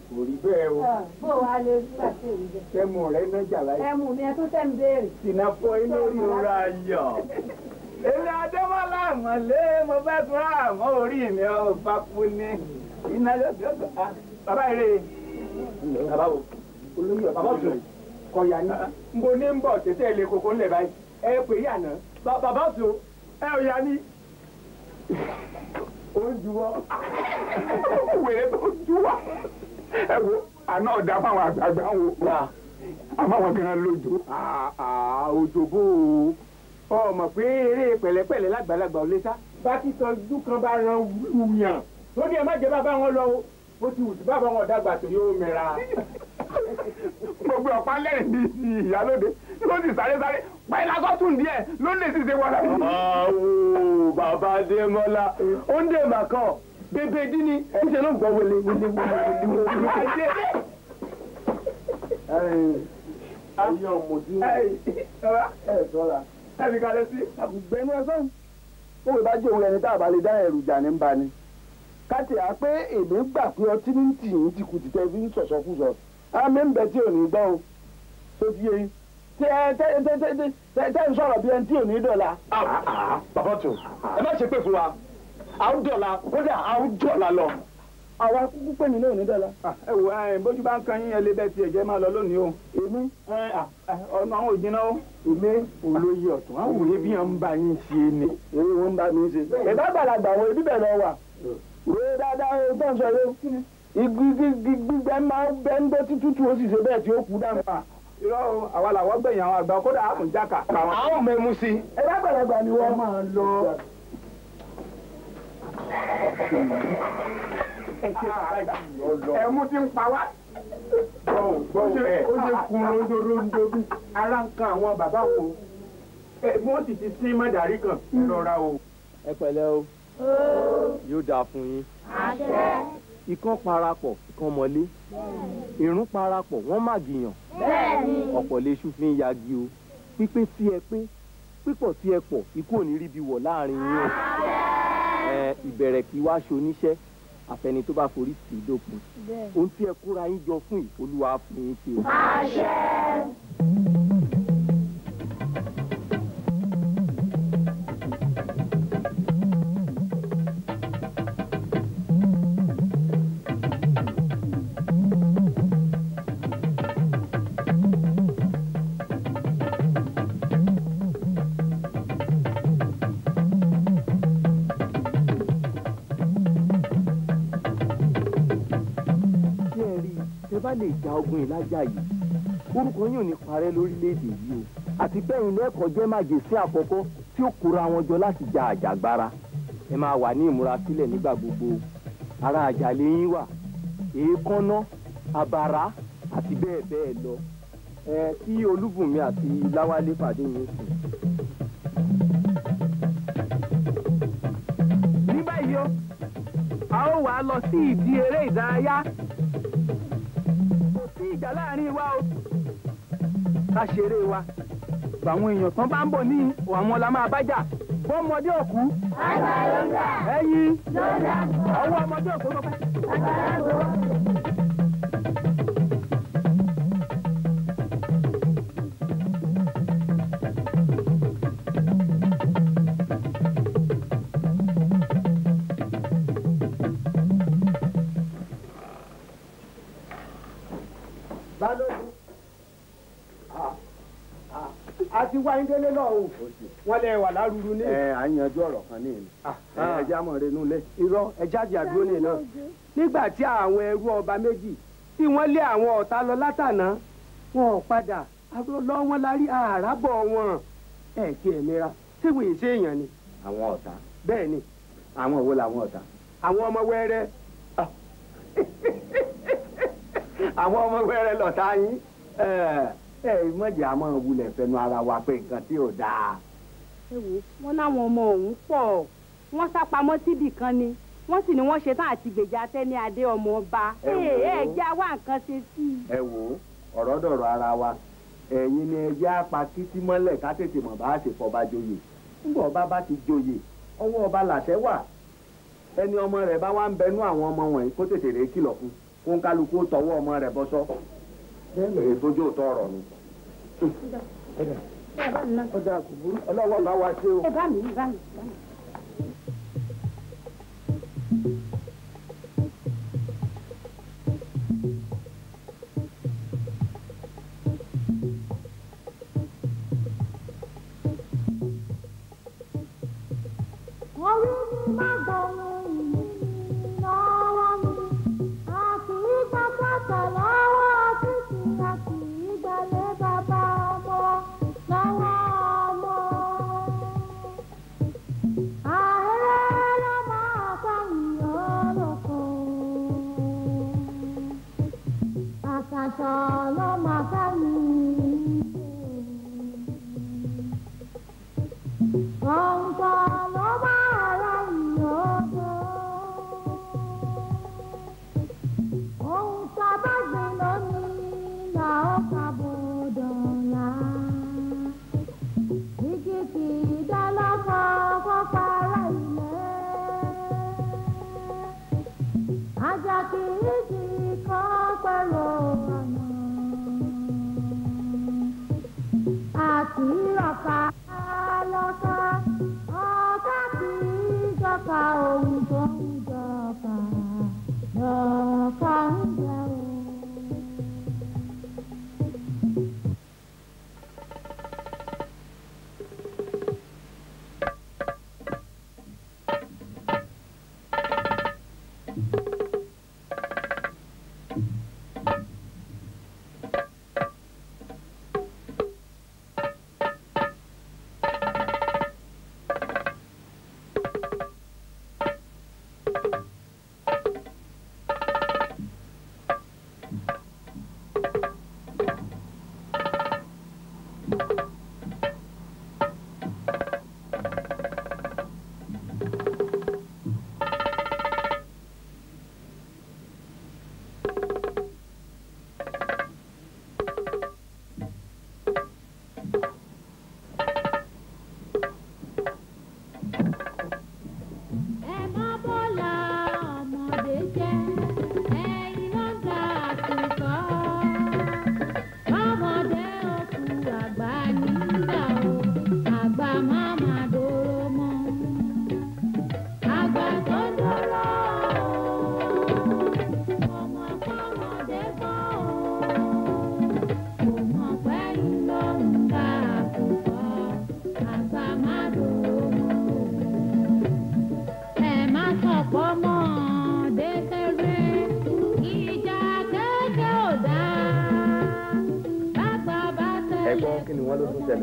[SPEAKER 1] kò rí bẹ́ẹ̀ o. Ah, bó o wá lè gbà sí èyí jẹ. tẹmu rẹ mẹjà láyé. ẹmu mi ẹ tún tẹ̀ ń béèrè. sìnà fọ inú ìrora yọ. èmi adémọlá àmọ́ lé mo bá tún àmọ́ orí mi ò bá kú ní iná lọ́dọ̀ ah, bàbá ire. bàbá wo olóyè bàbá tó kọyà ní. mo ní ń bọ̀ tètè lè koko ńlẹ̀ báyìí ẹ pè é yànà bàbá tó ẹ ò yà ní ó ń juwọ́ wèrè tó ń juwọ́ ẹ wo àná ọ̀dà fáwọn àgbààgbà wo àmọ́ àwọn gan-an lójú. òjòbó o ọmọ pé eré pẹ̀lẹ́pẹ̀lẹ́ lágbàlagbà ò lè sá. bá ti sọ ojú kan bá ran wùyàn tó ní ẹ má jẹ́ bá bá wọn lọ o ó ti wù sí bá wọn dàgbà tó yóò mẹ́ra gbogbo ọ̀pá lẹ́rìn bíi ti ìyálóde ló sì sáré sáré pẹ́ lásán díẹ̀ ló lè sì ṣe wọlé. àwò bàbá Adémọ́lá ó ń dè màkàn bèbè dín ní ṣíṣe ló ń gbọ́ wele wele wele wele. ẹyẹ ọmọdé ẹ sọra ẹ fi kalẹ̀ sí. àgùgbẹ́nu ẹ sọ́run òwe bá jẹ́ òun ẹni tá a bá lè dá ẹrù jà ní bani káti à pé èmi gbà pé ọtí ní tì í ti kùtì tẹ́ fi ń sọ̀sọ́kùsọ̀ àmì ń bẹ tí ò ní gbọ́ o tó ti yé tẹ tẹ tẹ tẹ tẹ tẹ ń sọ̀rọ̀ bí ẹni tí ò ní dọ̀la. Ah, ah, ah, bàbá tó ẹ má ṣe pé fún wa àwọn dọ̀la kódà àwọn dọ̀la lọ àwa kúkú pè mí lónìí dọ́là. ẹ wò ẹ bójú bá ń kan yín ẹlẹ́ bẹ́ẹ̀ tiẹ̀ jẹ́ máa lọ lónìí o. èmi ọ̀nà àwọn òjìnà o. èmi olóyè ọ̀tún àwọn òye bí wọn ń bá yín ṣe ni. èyí wọn ń bá mi ṣe. ìbá gbàlagbà wo ibi bẹ̀ wà. wo dáadáa o igi gbígbẹ máa ń bẹ́ ń gbé tútù ó sì ṣe bẹ́ẹ̀ tí ó kú dànù pa. irọ́ àwa làwọ́ gbẹ̀yìn àwọn àgbà kódà àkùn jáka. àwọn mẹ́mu sí ẹ bá gbàlagbà ni wọ́n máa lọ. ẹmu ti ń pa wá. ó ṣe kun rondorondo bí ara ń kan àwọn bàbá kò. wọ́n sì ti sín mọ́dàrí kan. ẹ rọra o. ẹ pẹ̀lẹ́ o yóò dáa fún yín. àṣẹ ikán parapọ̀ ikán mọ́lé ìrún parapọ̀ wọ́n má gìyàn ọ̀pọ̀ léṣu fi yagi o pípé tí ẹ pé pípọ̀ tí ẹ pọ̀ ikú ò ní rí bí wọ̀ láàrin yín ẹ ìbẹ̀rẹ̀ kí wá ṣoníṣẹ́ àfẹni tó bá forí sí i dópin ohun tí ẹ kóra yín jọ fún ìfolúwa fún yín ṣe o. lè ja ogun ìlàjà yìí orúkọ yìí ò ní parẹ́ lórílẹ̀‐èdè yìí o àti bẹ́yìn lẹ́kọ̀ọ́ jẹ́ màjèṣẹ́ àkọ́kọ́ tí ó kóra wọn jọ láti ja àjàgbara ẹ máa wà ní ìmúrasílẹ̀ nígbà gbogbo ara àjàlẹ̀ yín wà èékánná àbàrá àti bẹ́ẹ̀ bẹ́ẹ̀ lọ ẹ tí olúbùnmi àti láwálé pàdé yín sùn. ní báyìí o a ó wàá lọ sí ìdí eré ìdárayá sí ìjà láàrin wa o ká ṣeré wa àwọn èèyàn tán bá ń bọ̀ ní àwọn la máa bá jà bọ́ ọmọdé òkú. àgbà ló ń jà. ẹyin. ló ń jà. ọwọ́ ọmọdé òkú ló fẹ́. àgbà ló ń jà. wọ́n lẹ wà lárúurú ní. ẹ à ń yanjú ọ̀rọ̀ kan ní ìlú ah, ah. ẹja mọ̀ rẹ nulẹ̀ irọ́ ẹja àti àdúró ní náà nígbà tí àwọn ẹrú ọba méjì tí wọ́n lé àwọn ọ̀tá lọ látànà wọn ò padà lọ́ wọn lárí àràbọ̀ wọn ẹ̀ kí ẹ̀ mìíràn tí wọ́n yìí séèyàn ni. àwọn ọ̀tá. bẹ́ẹ̀ ni. àwọn wo làwọn ọ̀tá. àwọn ọmọ wẹrẹ. àwọn ọmọ wẹrẹ lọ̀tá yín ẹ ẹ mọ̀jẹ̀ àmọ́ wulẹ̀ fẹnu ara wa pé nǹkan tí ò dáa ẹ wò wọ́n láwọn ọmọ ọ̀hún pọ̀ wọ́n sá pamọ́ síbì kan ni wọ́n sì ni wọ́n ṣe tán àti gbèjà tẹ́ni adé ọmọ ọba ẹ ẹ jẹ́ àwa nǹkan ṣe sí i. ẹ wò ọ̀rọ̀ dọ̀rọ̀ ara wa ẹ̀yin ni ẹjẹ́ apá títí mọ́lẹ̀ ká tètè mọ̀ bá a ṣe fọba joyè nígbà ọba bá ti joyè ọwọ́ ọba làṣẹ wà ẹni ọmọ rẹ̀ bá wá ń bẹnú àwọn ọmọ wọ̀nyí kó tètè rèé kìlọ̀ fún kó kálukú tọwọ́ ọmọ rẹ̀ bọ́sọ́ bẹ́ẹ̀ lè tójú òótọ́ ọ̀rọ̀ ni bàbá ẹ bá mi bá mi.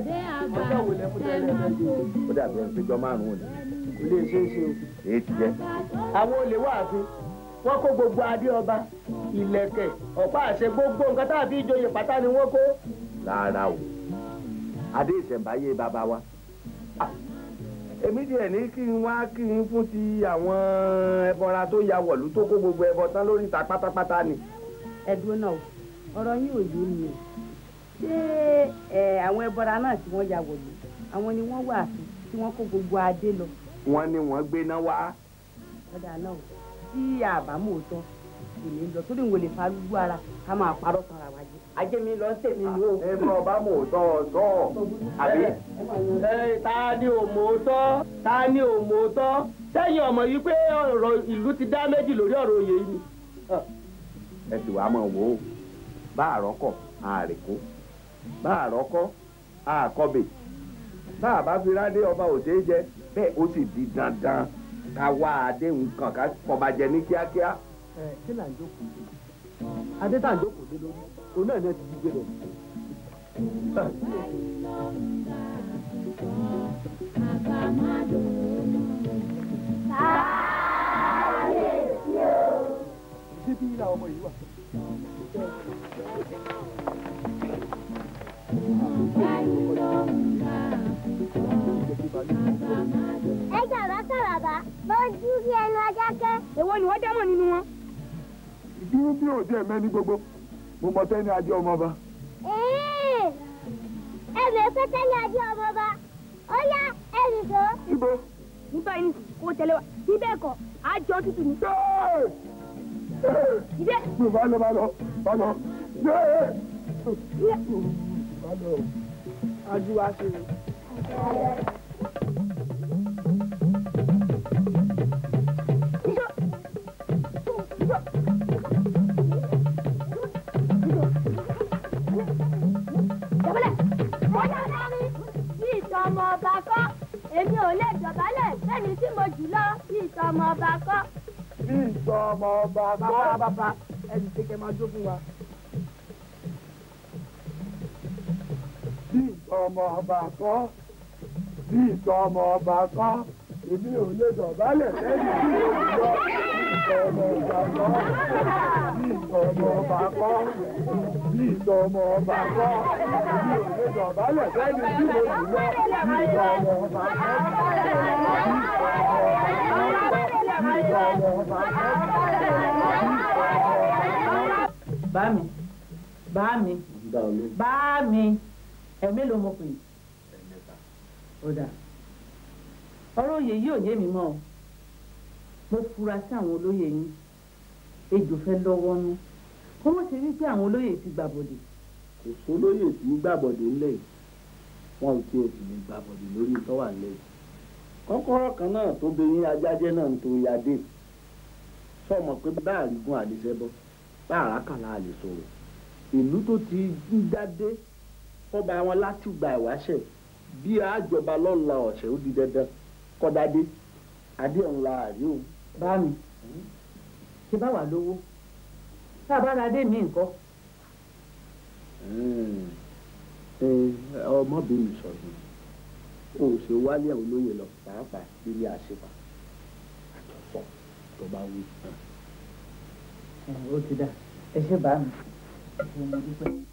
[SPEAKER 1] ọjọ́ wo lẹ fún tẹ́lẹ̀ náà yìí ó dàbí ẹni pé jọ márùn-ún ni. kò lè ṣeé ṣe o. èyí ti jẹ. àwọn olè wà á fi wọ́n kó gbogbo adé ọba ìlẹ̀kẹ̀ ọ̀pá àṣẹ gbogbo nǹkan tá a pátá ni wọ́n kó. rárá o adé ìṣẹ̀ǹbáyé bàbá wa èmi tiẹ̀ ní kí n wá kí n fún ti àwọn ẹbọra tó ya wọ̀lú tó kó gbogbo ẹbọ tán lórí ìta pátápátá ni. ẹ dúró náà ọ̀rọ̀ yín ò yé mi o ṣé àwọn ẹbọra náà tí wọ́n ya wọ̀lú àwọn ni wọ́n wà tí wọ́n kó gbogbo adé lọ. wọ́n ní wọ́n gbéná wá. ọ̀dà náà tí àbámọ̀ tán èmi lọ torí ìwòlè farúgbó ara ká máa parọ́ sanra wa jẹ ajé mi lọ tèmi ni o. ẹ mọ bá mò ń tọ ọ tọ àbí. ta ni ò mò ń tọ́ ta ni ò mò ń tọ́ sẹ́yìn ọmọ yìí pé ọ̀rọ̀ ìlú ti dá méjì lórí ọ̀rọ̀ oyè yìí ẹ sì wá mọ̀ wò ó bá àrọ́kọ̀ àrèkó bá àrọ́kọ́ àkọ́bè bá a bá fi rádé ọba òṣèré jẹ bẹ́ẹ̀ ó sì di dandan ká wá àdéhùn kan ká fọba jẹ ní kíákíá. ẹ kí là ń dé adé tá à ń jókòó dé lórí òun náà náà ti di gbé lọ. Ṣé bí ẹ sọ̀rọ̀ sọ̀rọ̀ bá bọ́jú bí ẹnu ajá kẹ́. ewo ni wọ́n dámọ̀ nínú wọn.
[SPEAKER 3] ìdúró bí òde ẹ̀mẹ́ ní gbogbo mo mọ tẹ́ni ajé ọmọba.
[SPEAKER 1] ẹ̀mẹ́ pé tẹ́ni ajé ọmọba ó yá ẹ̀rì tó. ibo. nígbà yìí kò tẹ̀lé ibe níbẹ̀ kọ́ ni. Ibe, lọ ọjọ́ wa ṣe. ọmọ ọba kọ́ èmi ò lè dọ̀bálẹ̀ lẹ́ni tí mo jù lọ bí ìtọ́ ọmọ ọba kọ́. bàbá bàbá ẹni tí kẹ́ máa jó fún wa. bí ìtọ́ ọmọ ọba kọ́ bí ìtọ́ ọmọ ọba kọ́ èmi ò lè dọ̀bálẹ̀ lẹ́yìn tí ó ń lọ bí ìtọ́ ọmọ ọba kọ́ bí ìtọ́ ọmọ ọba kọ́ bí ìtọ́ ọmọ ọba kọ́ èmi ò lè dọ̀bálẹ̀ lẹ́yìn tí ó ń lọ bí ìtọ́ ọmọ ọba kọ́ bí ìtọ́ ọmọ ọba kọ́ bí ìtọ́ ọmọ ọba kọ́ bí ìtọ́ ọmọ ọba kọ́. bá mi bá mi bá mi ẹ̀ mélòó mo pè é. ọ̀dà ọ̀rọ̀ òye yìí ò yé mi mọ́ o mo fura sí àwọn olóyè yín ejò fẹ́ lọ́wọ́ nú kó mọ̀ sí wípé àwọn olóyè ti gbàbọ̀dè. kò sólóyè tí ń gbàbọ̀dè ńlẹ̀ wọn ò tí o sì lè gbàbọ̀dè lórí tọ́wà ńlẹ̀ yìí kọ́kọ́rọ́ kan náà tó bẹ̀yìn ajájẹ́ náà ń torí adé sọmọ pé bá àrígún àdìsẹ́bọ bá àrákàlà àlè sọ̀rọ̀ ìlú tó ti ń dá dé fọba wọn láti gba ìwáṣẹ̀ bí àjọba lọ́la ọ̀sẹ̀ ó di dandan kọ́dádé adé ọ̀hún la àrí o. bá mi ṣe bá wà lówó tá a bá ra dé mi nǹkan. ọmọbìnrin sọ̀rọ̀ o ò ṣe wálé ẹ̀ olóyè lọ pàápàá ilé àṣepà àjọpọ̀ tó bá wí. ó ti dà ẹ ṣe bá mi. Thank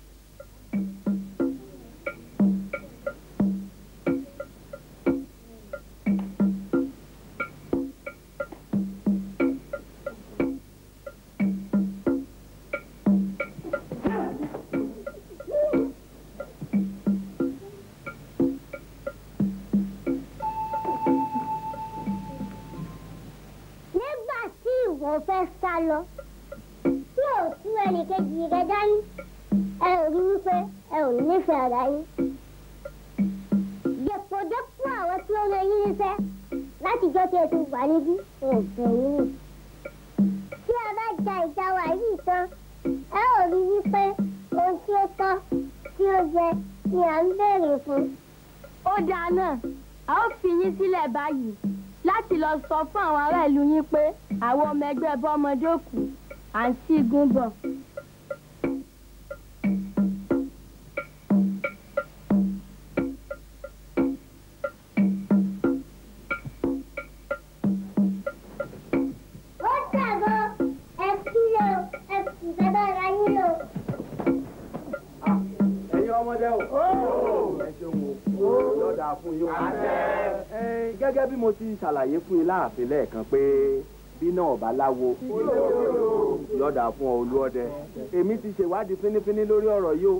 [SPEAKER 1] wádìí fínífíní lórí ọ̀rọ̀ yìí o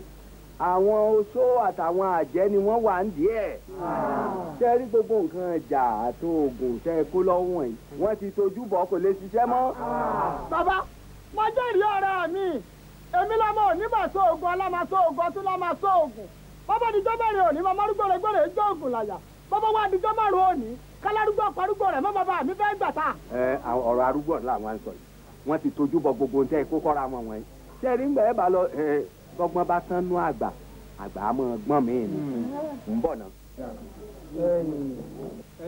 [SPEAKER 1] àwọn oṣó àtàwọn àjẹ́ ni wọ́n wà ń díẹ̀ ṣe rí gbogbo nǹkan ìjà àti oògùn ṣe kó lọ́wọ́ yìí wọ́n ti tojú bọ̀ kò lè ṣiṣẹ́ mọ́. bàbá mo jẹ́rìí ọ̀rẹ́ mi èmi lọ́mọ ò ní bà sọ oògùn ọlọ́mọ sọ oògùn ọtún lọ́mọ sọ oògùn bàbá dijọ́ bẹ̀rẹ̀ òní mo mọ́rú gbọ̀rẹ̀gbọ̀rẹ̀ ń jọ oògùn làyà bàbá wa dijọ́ márùn òní kálárúgbó ọ̀pọ̀rúgbó rẹ̀ mọ́ bàbá mi fẹ́ gbà ta. ọ̀rọ̀ arúgbó làwọn ń sọ yìí wọ́n ti tojú bọ gbogbo ohun tẹ́ ikú kọ́ra wọn wọ̀nyí ṣe rí ngbà ẹ bá lọ gbọgbọn bá àgbà àgbà á mọ gbọ́n mi ni hmm.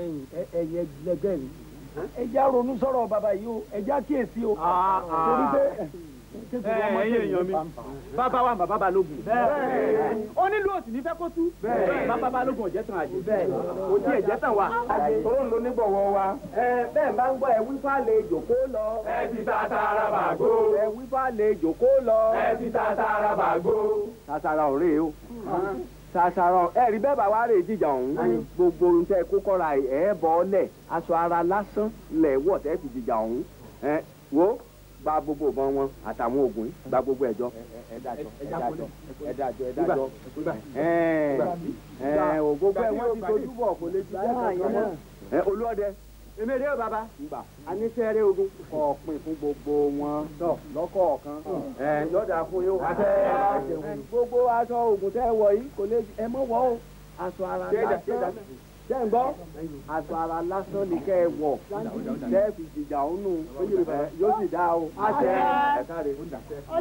[SPEAKER 1] ń ẹyẹ mi ronú sọ̀rọ̀ bàbá yìí o ẹ̀yin èèyàn mi bàbá wa bàbá balógun onílù òsì ní fẹ́ kó tú bàbá balógun ọ̀jẹ̀ tán àjò òjì ẹ̀jẹ̀ tán wa tóró ló ní bọ̀wọ̀ wa. bẹ́ẹ̀ máa ń gbọ́ ẹ wí fà lè jòkó lọ. ẹ ti ta tààrà bàgó. ẹ wí fà lè jòkó lọ. ẹ ti ta tààrà bàgó. sàṣàrà ọ̀rẹ́ o sàṣàrọ̀ ẹ̀rí bẹ́ẹ̀ bá wá rè jíjà ọ̀hún gbogbo ohun tẹ́ kó kọ́ra ẹ̀ bọ́ lẹ̀ aṣọ ara lásán lẹ̀ wọ̀ wo gba gbogbo ìbọn wọn àtàwọn oògùn yìí gba gbogbo ẹjọ́
[SPEAKER 3] ẹdájọ́ ẹdájọ́
[SPEAKER 1] ẹdájọ́ ẹdájọ́ ẹẹ ògógó ẹwọn ti tojú bọ kò lè ti jẹ àyàn náà. olúọdẹ o baba nba ani sẹẹrẹ ogun kọọpin fún gbogbo wọn tọ lọ́kọ̀ọ̀kan ẹ yọdà fún yóò àṣẹ gbogbo aṣọ oògùn tẹ wọ yìí kò lè ẹ mọ wọ o aṣọ ara ńlá ṣe ń gbọ́ àtọ̀ ara lásán ni kẹ́ ẹ wọ̀ ṣe fi jìjà ònú yóò sì dá o. àṣẹ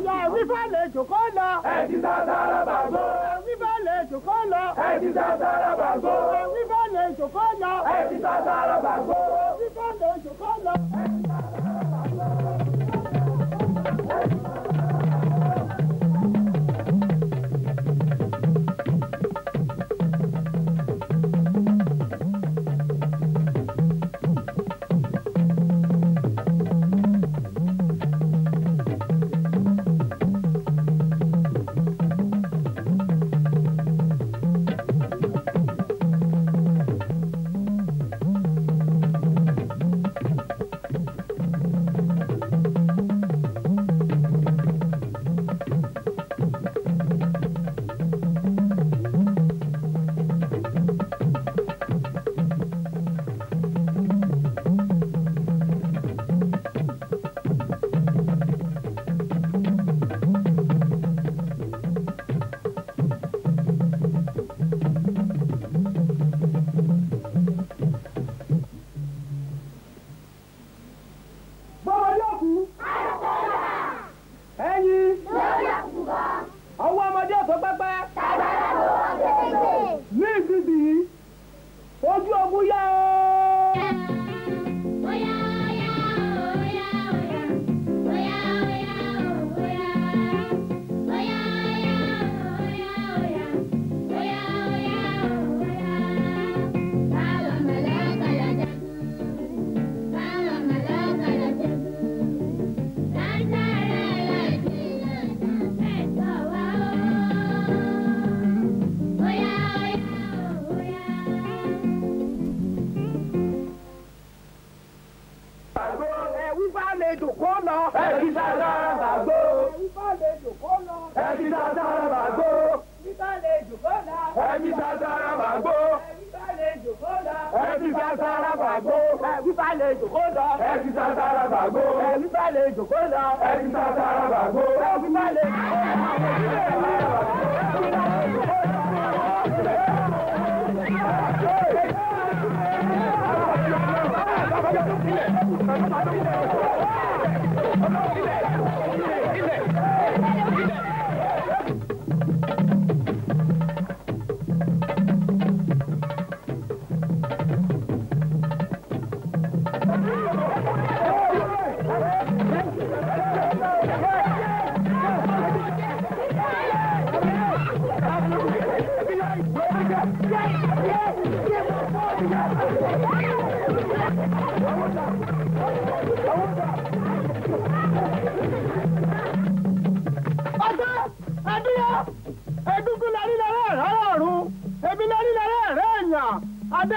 [SPEAKER 1] ọ̀yà wífà lè jòkó lọ. ẹ ti sá sára bàgbó. wífà lè jòkó lọ. ẹ ti sá sára bàgbó. wífà lè jòkó lọ. ẹ ti sá sára bàgbó. wífà lè jòkó lọ. ẹ
[SPEAKER 2] ti sá sára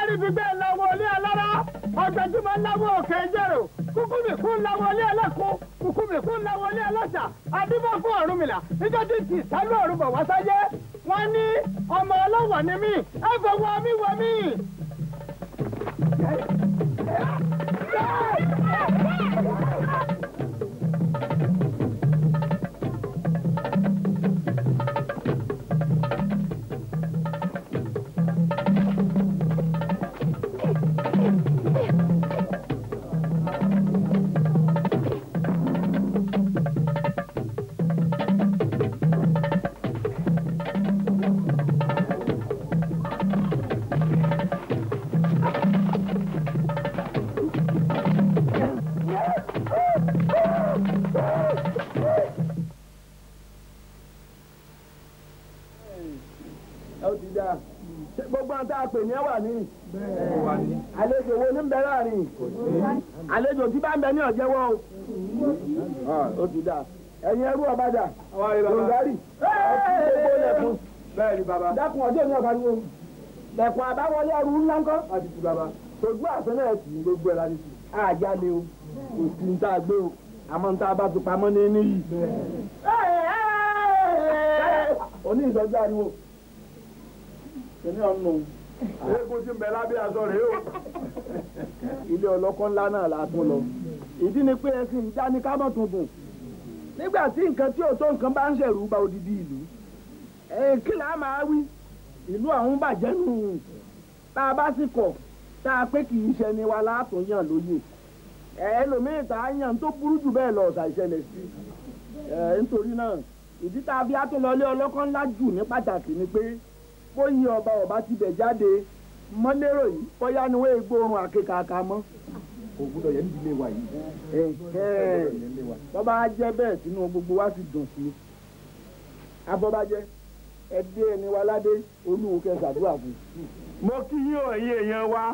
[SPEAKER 1] ẹlẹ́rìí gbígbé lọ́wọ́ ilé alára ọ̀gbẹ́júmọ́ lọ́wọ́ òkè ìjẹ̀rò kúkúmìkú lọ́wọ́ ilé ẹlẹ́kùn kúkúmìkú lọ́wọ́ ilé ẹlọ́jà adímọ́fún Ọ̀rúnmìlà níjọ́ tí tì sálú ọ̀rùn bọ̀ wá sáyé wọ́n ní ọmọ ọlọ́wọ̀ ni mí àti tù bàbá tògbó àfẹnà ẹ̀ tì í gbogbo ẹ̀ láti tù àjà ni o kò sí ní tá a gbé o àmọ́ ní tá a bá tu pamọ́ ní ní yìí. oní ìsọjú ariwo kìíní ọ̀nù eégún tí ń bẹ lábẹ́ aṣọ rèé o. ilé ọlọ́kọ́ ńlá náà la tún lọ ìdí ni pé ẹṣin ìjà ni ká mọ̀ tuntun nígbà tí nǹkan tí ò tó nǹkan bá ń ṣẹ̀rù ba odidi ìlú kí máa wí ìlú àwọn bàjẹ́ nù tá a bá sì kọ̀ tá a pé kì í ṣẹni wa látún yàn lóye ẹlòmíì tá a yàn tó burú jù bẹ́ẹ̀ lọ ọ̀sà ìṣẹ̀lẹ̀ sí nítorí náà ìdí tá a fi á tó lọlé ọlọ́kọ́ ńlá jù ní pàtàkì ni pé bóyí ọba ọba ti bẹ̀ jáde mọ́lérò yìí bóyá ni wọ́n gbóòórùn àkekàkà mọ́. kò gbúdọ̀ yẹn níbi ilé wa yìí. bọ́bá jẹ́ bẹ́ẹ̀ sínú gbogbo wa ti dùn sí i. abọ́bájẹ́ ẹ dé ẹni wa ládé olúwo kẹsàdúrà fún un mo kí yín o ẹ̀yin èèyàn wa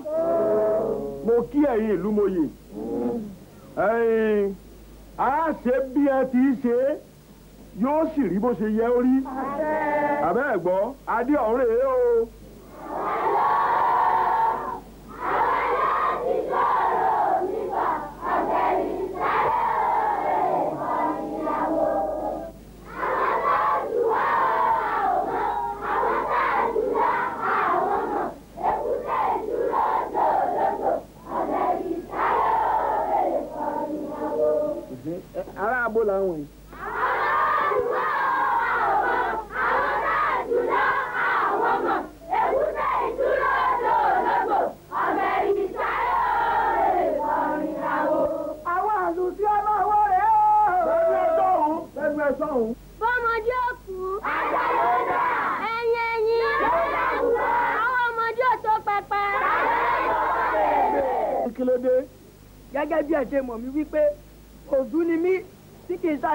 [SPEAKER 1] mo kí ẹ̀yin ìlú moyè a ṣe bí ẹ ti ṣe yóò sì rí bó ṣe yẹ ó rí àbẹ́ ẹ̀ adé ọ̀rẹ́ o. acabou lá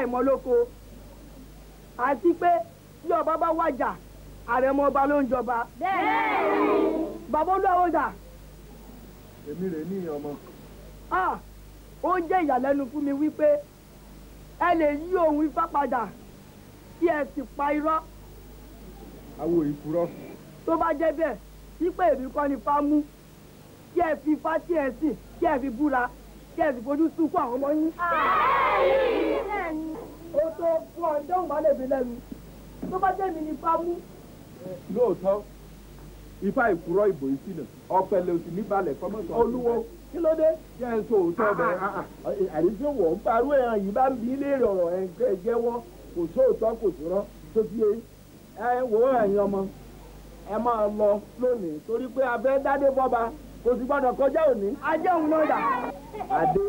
[SPEAKER 1] àìmọ̀ lóko àti pé tí ọba bá wájà àrẹ̀mọ ọba ló ń jọba. bàbá olúwa dà.
[SPEAKER 3] èmi rè ní ọmọ.
[SPEAKER 1] ó jẹ́ ìyàlẹ́nu fún mi wípé ẹ lè yí ohun ifá padà kí ẹ sì pa irọ́.
[SPEAKER 3] àwo ìkúrọ́.
[SPEAKER 1] tó bá jẹ́ bẹ́ẹ̀ wípé èmi kọ́ ni fámú kí ẹ fi ifá tí ẹ sìn kí ẹ fi búra kí ẹ sì fojú sunkún àwọn ọmọ yín fún ọ dọ́hùn bá lè fi lẹ́nu tó bá jẹ́ mi ní ifá mú.
[SPEAKER 3] lóòótọ́ ifá ìkúrọ́ ìbò ìsìnà ọ̀pẹ̀lẹ̀
[SPEAKER 1] òsì níbalẹ̀ fọmọ́sọ. olúwo kí ló dé. jẹ́ ẹ sọ òótọ́ bẹ́ẹ̀. Ah, ah, ah. àdéjọ́ wọ̀ ń parú ẹran yìí bá ń bi ilé ọ̀rọ̀ ẹ̀ jẹ́wọ́ kò sóòótọ́ kò sòrọ́ tó ti ẹ wò ó ẹ̀yin ọmọ ẹ máa lọ lónìí torí pé abẹ́ dádé bọ́ba kò sì gbọ́dọ̀ kọjá òní. ajé òun náà dà. adé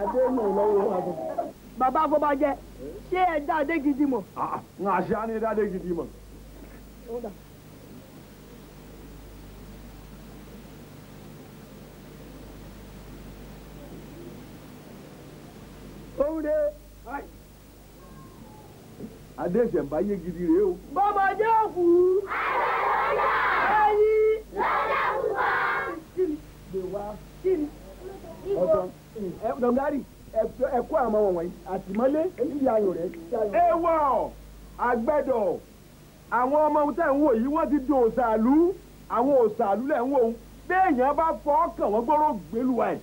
[SPEAKER 1] adé mò ń lọ́wọ́ wa. bàbá afọbajẹ ṣé ẹ dá adé gidi mọ̀. nà á ṣe á ní dá adé gidi mọ̀. òun de. adé ìṣẹ̀ǹbáyé gidi rèé o. bọ́bọ̀ jẹ́ òkú. ẹyin. lọ́dà púpọ̀. kí ni. gbèwà. kí ni. ọ̀sán ẹkọ àmọ́ wọn wọ̀nyí àtìmọ́lé èyí ayò rẹ. ewọ àgbẹ̀dọ̀ àwọn ọmọ ohun tẹ́ ń wò yìí wọ́n ti di òṣàlú àwọn òṣàlú lẹ̀ ń wò ó béèyàn bá fọ́ kàn wọ́n gbọ́rọ̀ gbẹ́lúwa ẹ̀.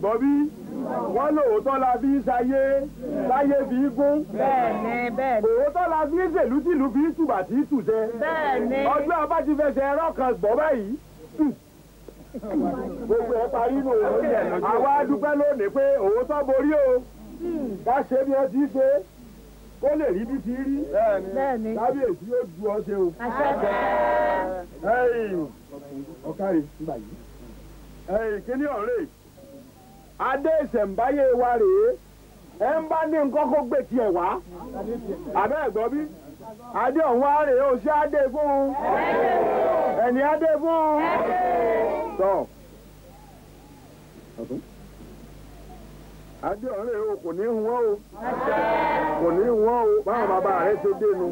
[SPEAKER 1] gbọ́ bí wọ́n lòótọ́ la fi ṣayé ṣayé fi gún. bẹ́ẹ̀ni bẹ́ẹ̀ni. òótọ́ la fi ṣèlú tìlú fi tùbà tí tù tẹ. bẹ́ẹ̀ni. ọjọ́ abájífẹsẹ̀ ẹ̀rọ kan gbọ́ báyìí gbogbo ẹ parí nù àwa dúpẹ́ lónìí pé òótọ́ borí o ká ṣe bí ẹ ti ṣe kó lè rí bí ti rí kábíyèsí yóò ju ọ ṣe o. ọ̀kàrí kíní ọ̀rẹ́ yìí adé ìṣẹ̀ǹbáyé wa rèé ẹ ń bá ní nǹkan kó gbé tiẹ̀ wá àbẹ́ ẹ̀gbọ́n bí adé ọ̀hún wa rèé o ṣé adé fún un ẹni adé fún un tọ́ adé ọ̀hún rèé o kò ní hun ọ́ o kò ní hun ọ́ o báwọn bàbá rẹ ṣe dénú.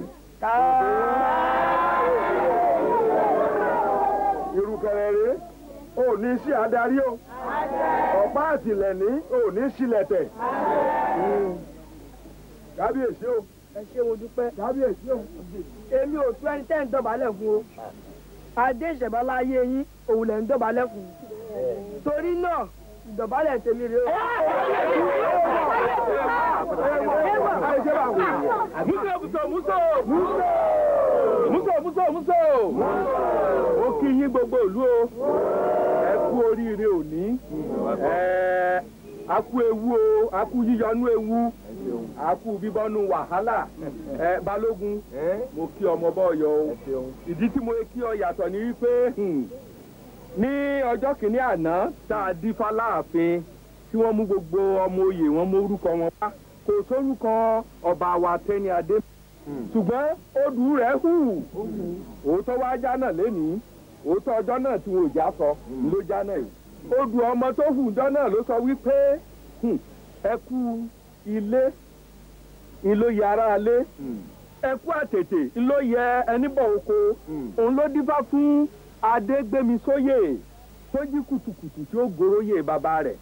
[SPEAKER 1] irú kẹrẹ rèé òní sí adarí o ọ̀pá àtìlẹ́ní òní sílẹ̀tẹ̀ hmm. kábíyèsí o. ẹ ṣe mo dúpẹ́. kábíyèsí o. èmi ò tún ẹni tẹ́ ń dọ̀bálẹ̀ fún o adé ìṣẹ̀báláyé yín òun lẹ̀ ń dọ̀bálẹ̀ fún torí náà ìdọ̀bálẹ̀ tèmi rè é. muso muso muso muso muso muso ó yín gbogbo ìlú o ẹ kú oríire òní ẹ a ewu o a kú ewu a bíbọnú wàhálà ẹ balógun mo kí ọmọ bọyọ o ìdí tí mo kí ọ yàtọ̀ ni wípé ní ọjọ́ kìíní àná tá a dífá láàfin tí wọ́n mú gbogbo ọmọ oyè wọn mú orúkọ wọn wá kò sórúkọ ọba wa tẹ́ni adé hmm. ṣùgbọ́n odù rẹ̀ hù òótọ́ wá já náà lénìí òótọ́ ọjọ́ náà tí wọn ò já sọ hmm. ló já náà yìí odù ọmọ tó hù ọjọ́ náà ló sọ wípé hmm, ẹ ilé ìlóye aráalé ẹ kú àtètè ìlóye ẹníbọ̀ oko òun ló dífá fún adégbémisóyè tó jí kùtùkùtù tí ó goróyè bàbá rẹ̀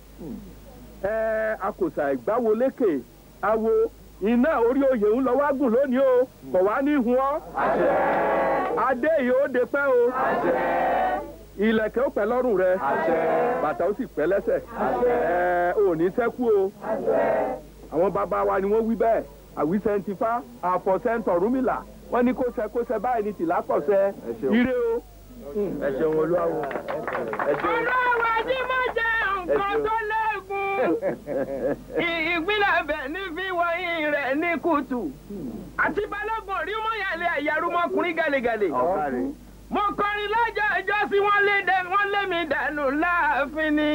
[SPEAKER 1] ẹ akòsà ìgbáwolékè awo iná orí oyè ń lọ wá gùn lónìí o kò wá ní hun ọ́ adé yìí ó de pẹ́ o ilẹ̀kẹ̀ ó pẹ́ lọ́rùn rẹ bàtà ó sì pẹ́ lẹ́sẹ̀ ẹ ò ní o àwọn bàbá wa ni wọ́n wí bẹ́ẹ̀ àwísẹ́ntìfá àfọ̀sẹ́ntọ̀rúmìlà wọ́n ní kó ṣe kó ṣe báyìí ní tìlákọ̀ṣẹ́ ire o ẹ ṣeun olúwawo. olúwawo tí mo jẹ nǹkan tó lẹ́gùn ìpínlẹ̀ bẹ̀ ní fi wọ́yìn rẹ̀ ní kùtù àti balógun rí mọ́yàlẹ́ àyàrú mọ́kùnrin gàlẹ́gàlẹ́ mo kọrin lọ́jọ́ ọjọ́ sí wọ́n lé dẹ wọ́n lé mi dànù láàfin ni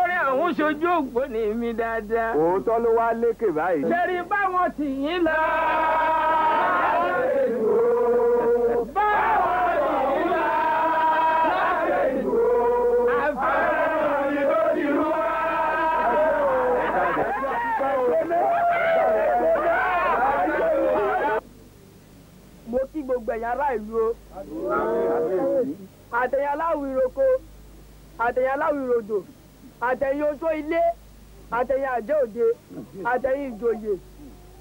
[SPEAKER 1] orin ọ̀hún ṣojú ògbóni mi dáadáa. òótọ́ ló wá lékè báyìí. ṣe rí báwọn tì yín lọ. gbẹ̀yìn ará ìlú o àtẹ̀yìn aláwọ̀ ìroko àtẹ̀yìn aláwọ̀ ìròdò àtẹ̀yìn oṣó ilé àtẹ̀yìn àjẹ́ òde àtẹ̀yìn ìjòyè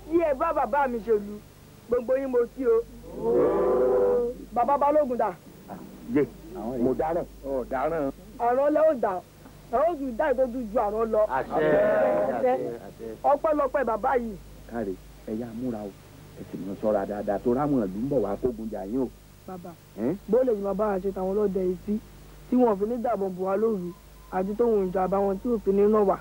[SPEAKER 1] tí ẹ bá bàbá mi ṣèlú gbogbo yín mo sí o bàbá balógun dà. yé mo dáràn. ọ dáràn. àrùn ò dà dá ju àrùn lọ. àṣẹ àṣẹ bàbá yìí. káre ẹ̀yà múra o. ẹ sì mọ ṣọ́ra dáadáa tó ráwọn ìlú ń bọ̀ wá kógun jà yín o. bàbá bó lè yìnbọn bá àṣẹ tàwọn ọlọ́dẹ etí tí wọn fi ní dàbọn bò wá lóru àti tóun ìjà bá wọn tí òfin ní náà wà.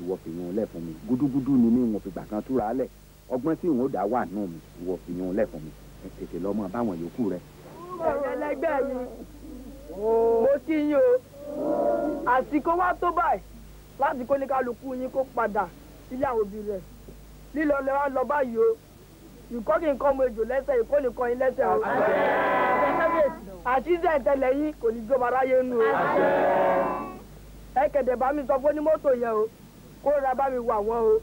[SPEAKER 1] ìwọ fi yan lẹ fún mi gúdúgúdú ni mí wọn fi gbà kan túra lẹ ọgbọ́n tí òun dá wà nù mí ìwọ fi yan lẹ fún mi tètè lọ báwọn yòókù rẹ. ẹlẹgbẹ́ mi mo kí yín o àsìkò wá tó báyìí láti kó ní kálukú yín kó padà sílé àwọn òbí rẹ̀ lílọ lẹ́wà lọ báyìí o ìkọ́ kì í kọ́ ọmọ ejò lẹ́sẹ̀ ìkọ́ lè kọ́ yín lẹ́sẹ̀ o. àṣìṣe ìtẹ̀lẹ̀ yín kò ní jọba aráyé nù o. ẹ kẹ̀dẹ̀ bá mi sọ fún onímọ́tò yẹn o kó ra bá mi wà wọ́n o.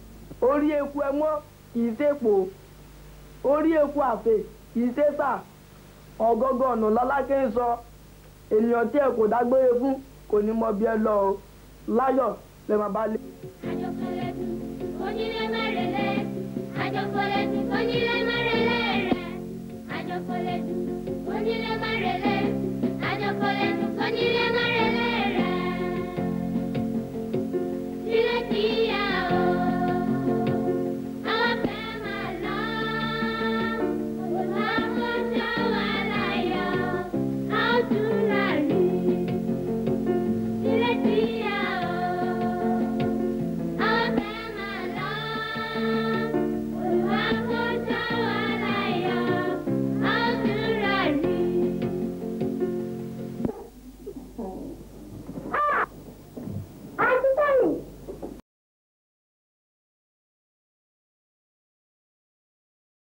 [SPEAKER 1] orí eku ẹmọ́ kì í sèpò orí eku àfè kì í sèpà ọgọ́gọ́ ọ̀nà lọ́lákẹ́ ń sọ ènìyàn tí ẹ kò dágbére fún kò ní mọ bí ẹ lọ o láyọ̀ lè má bá lé
[SPEAKER 2] àjọpọ̀lẹ́dù onílé márẹ̀lẹ́ rẹ̀ àjọpọ̀lẹ́dù onílé márẹ̀lẹ́ àjọpọ̀lẹ́dù onílé márẹ̀lẹ́ rẹ̀ ilé tí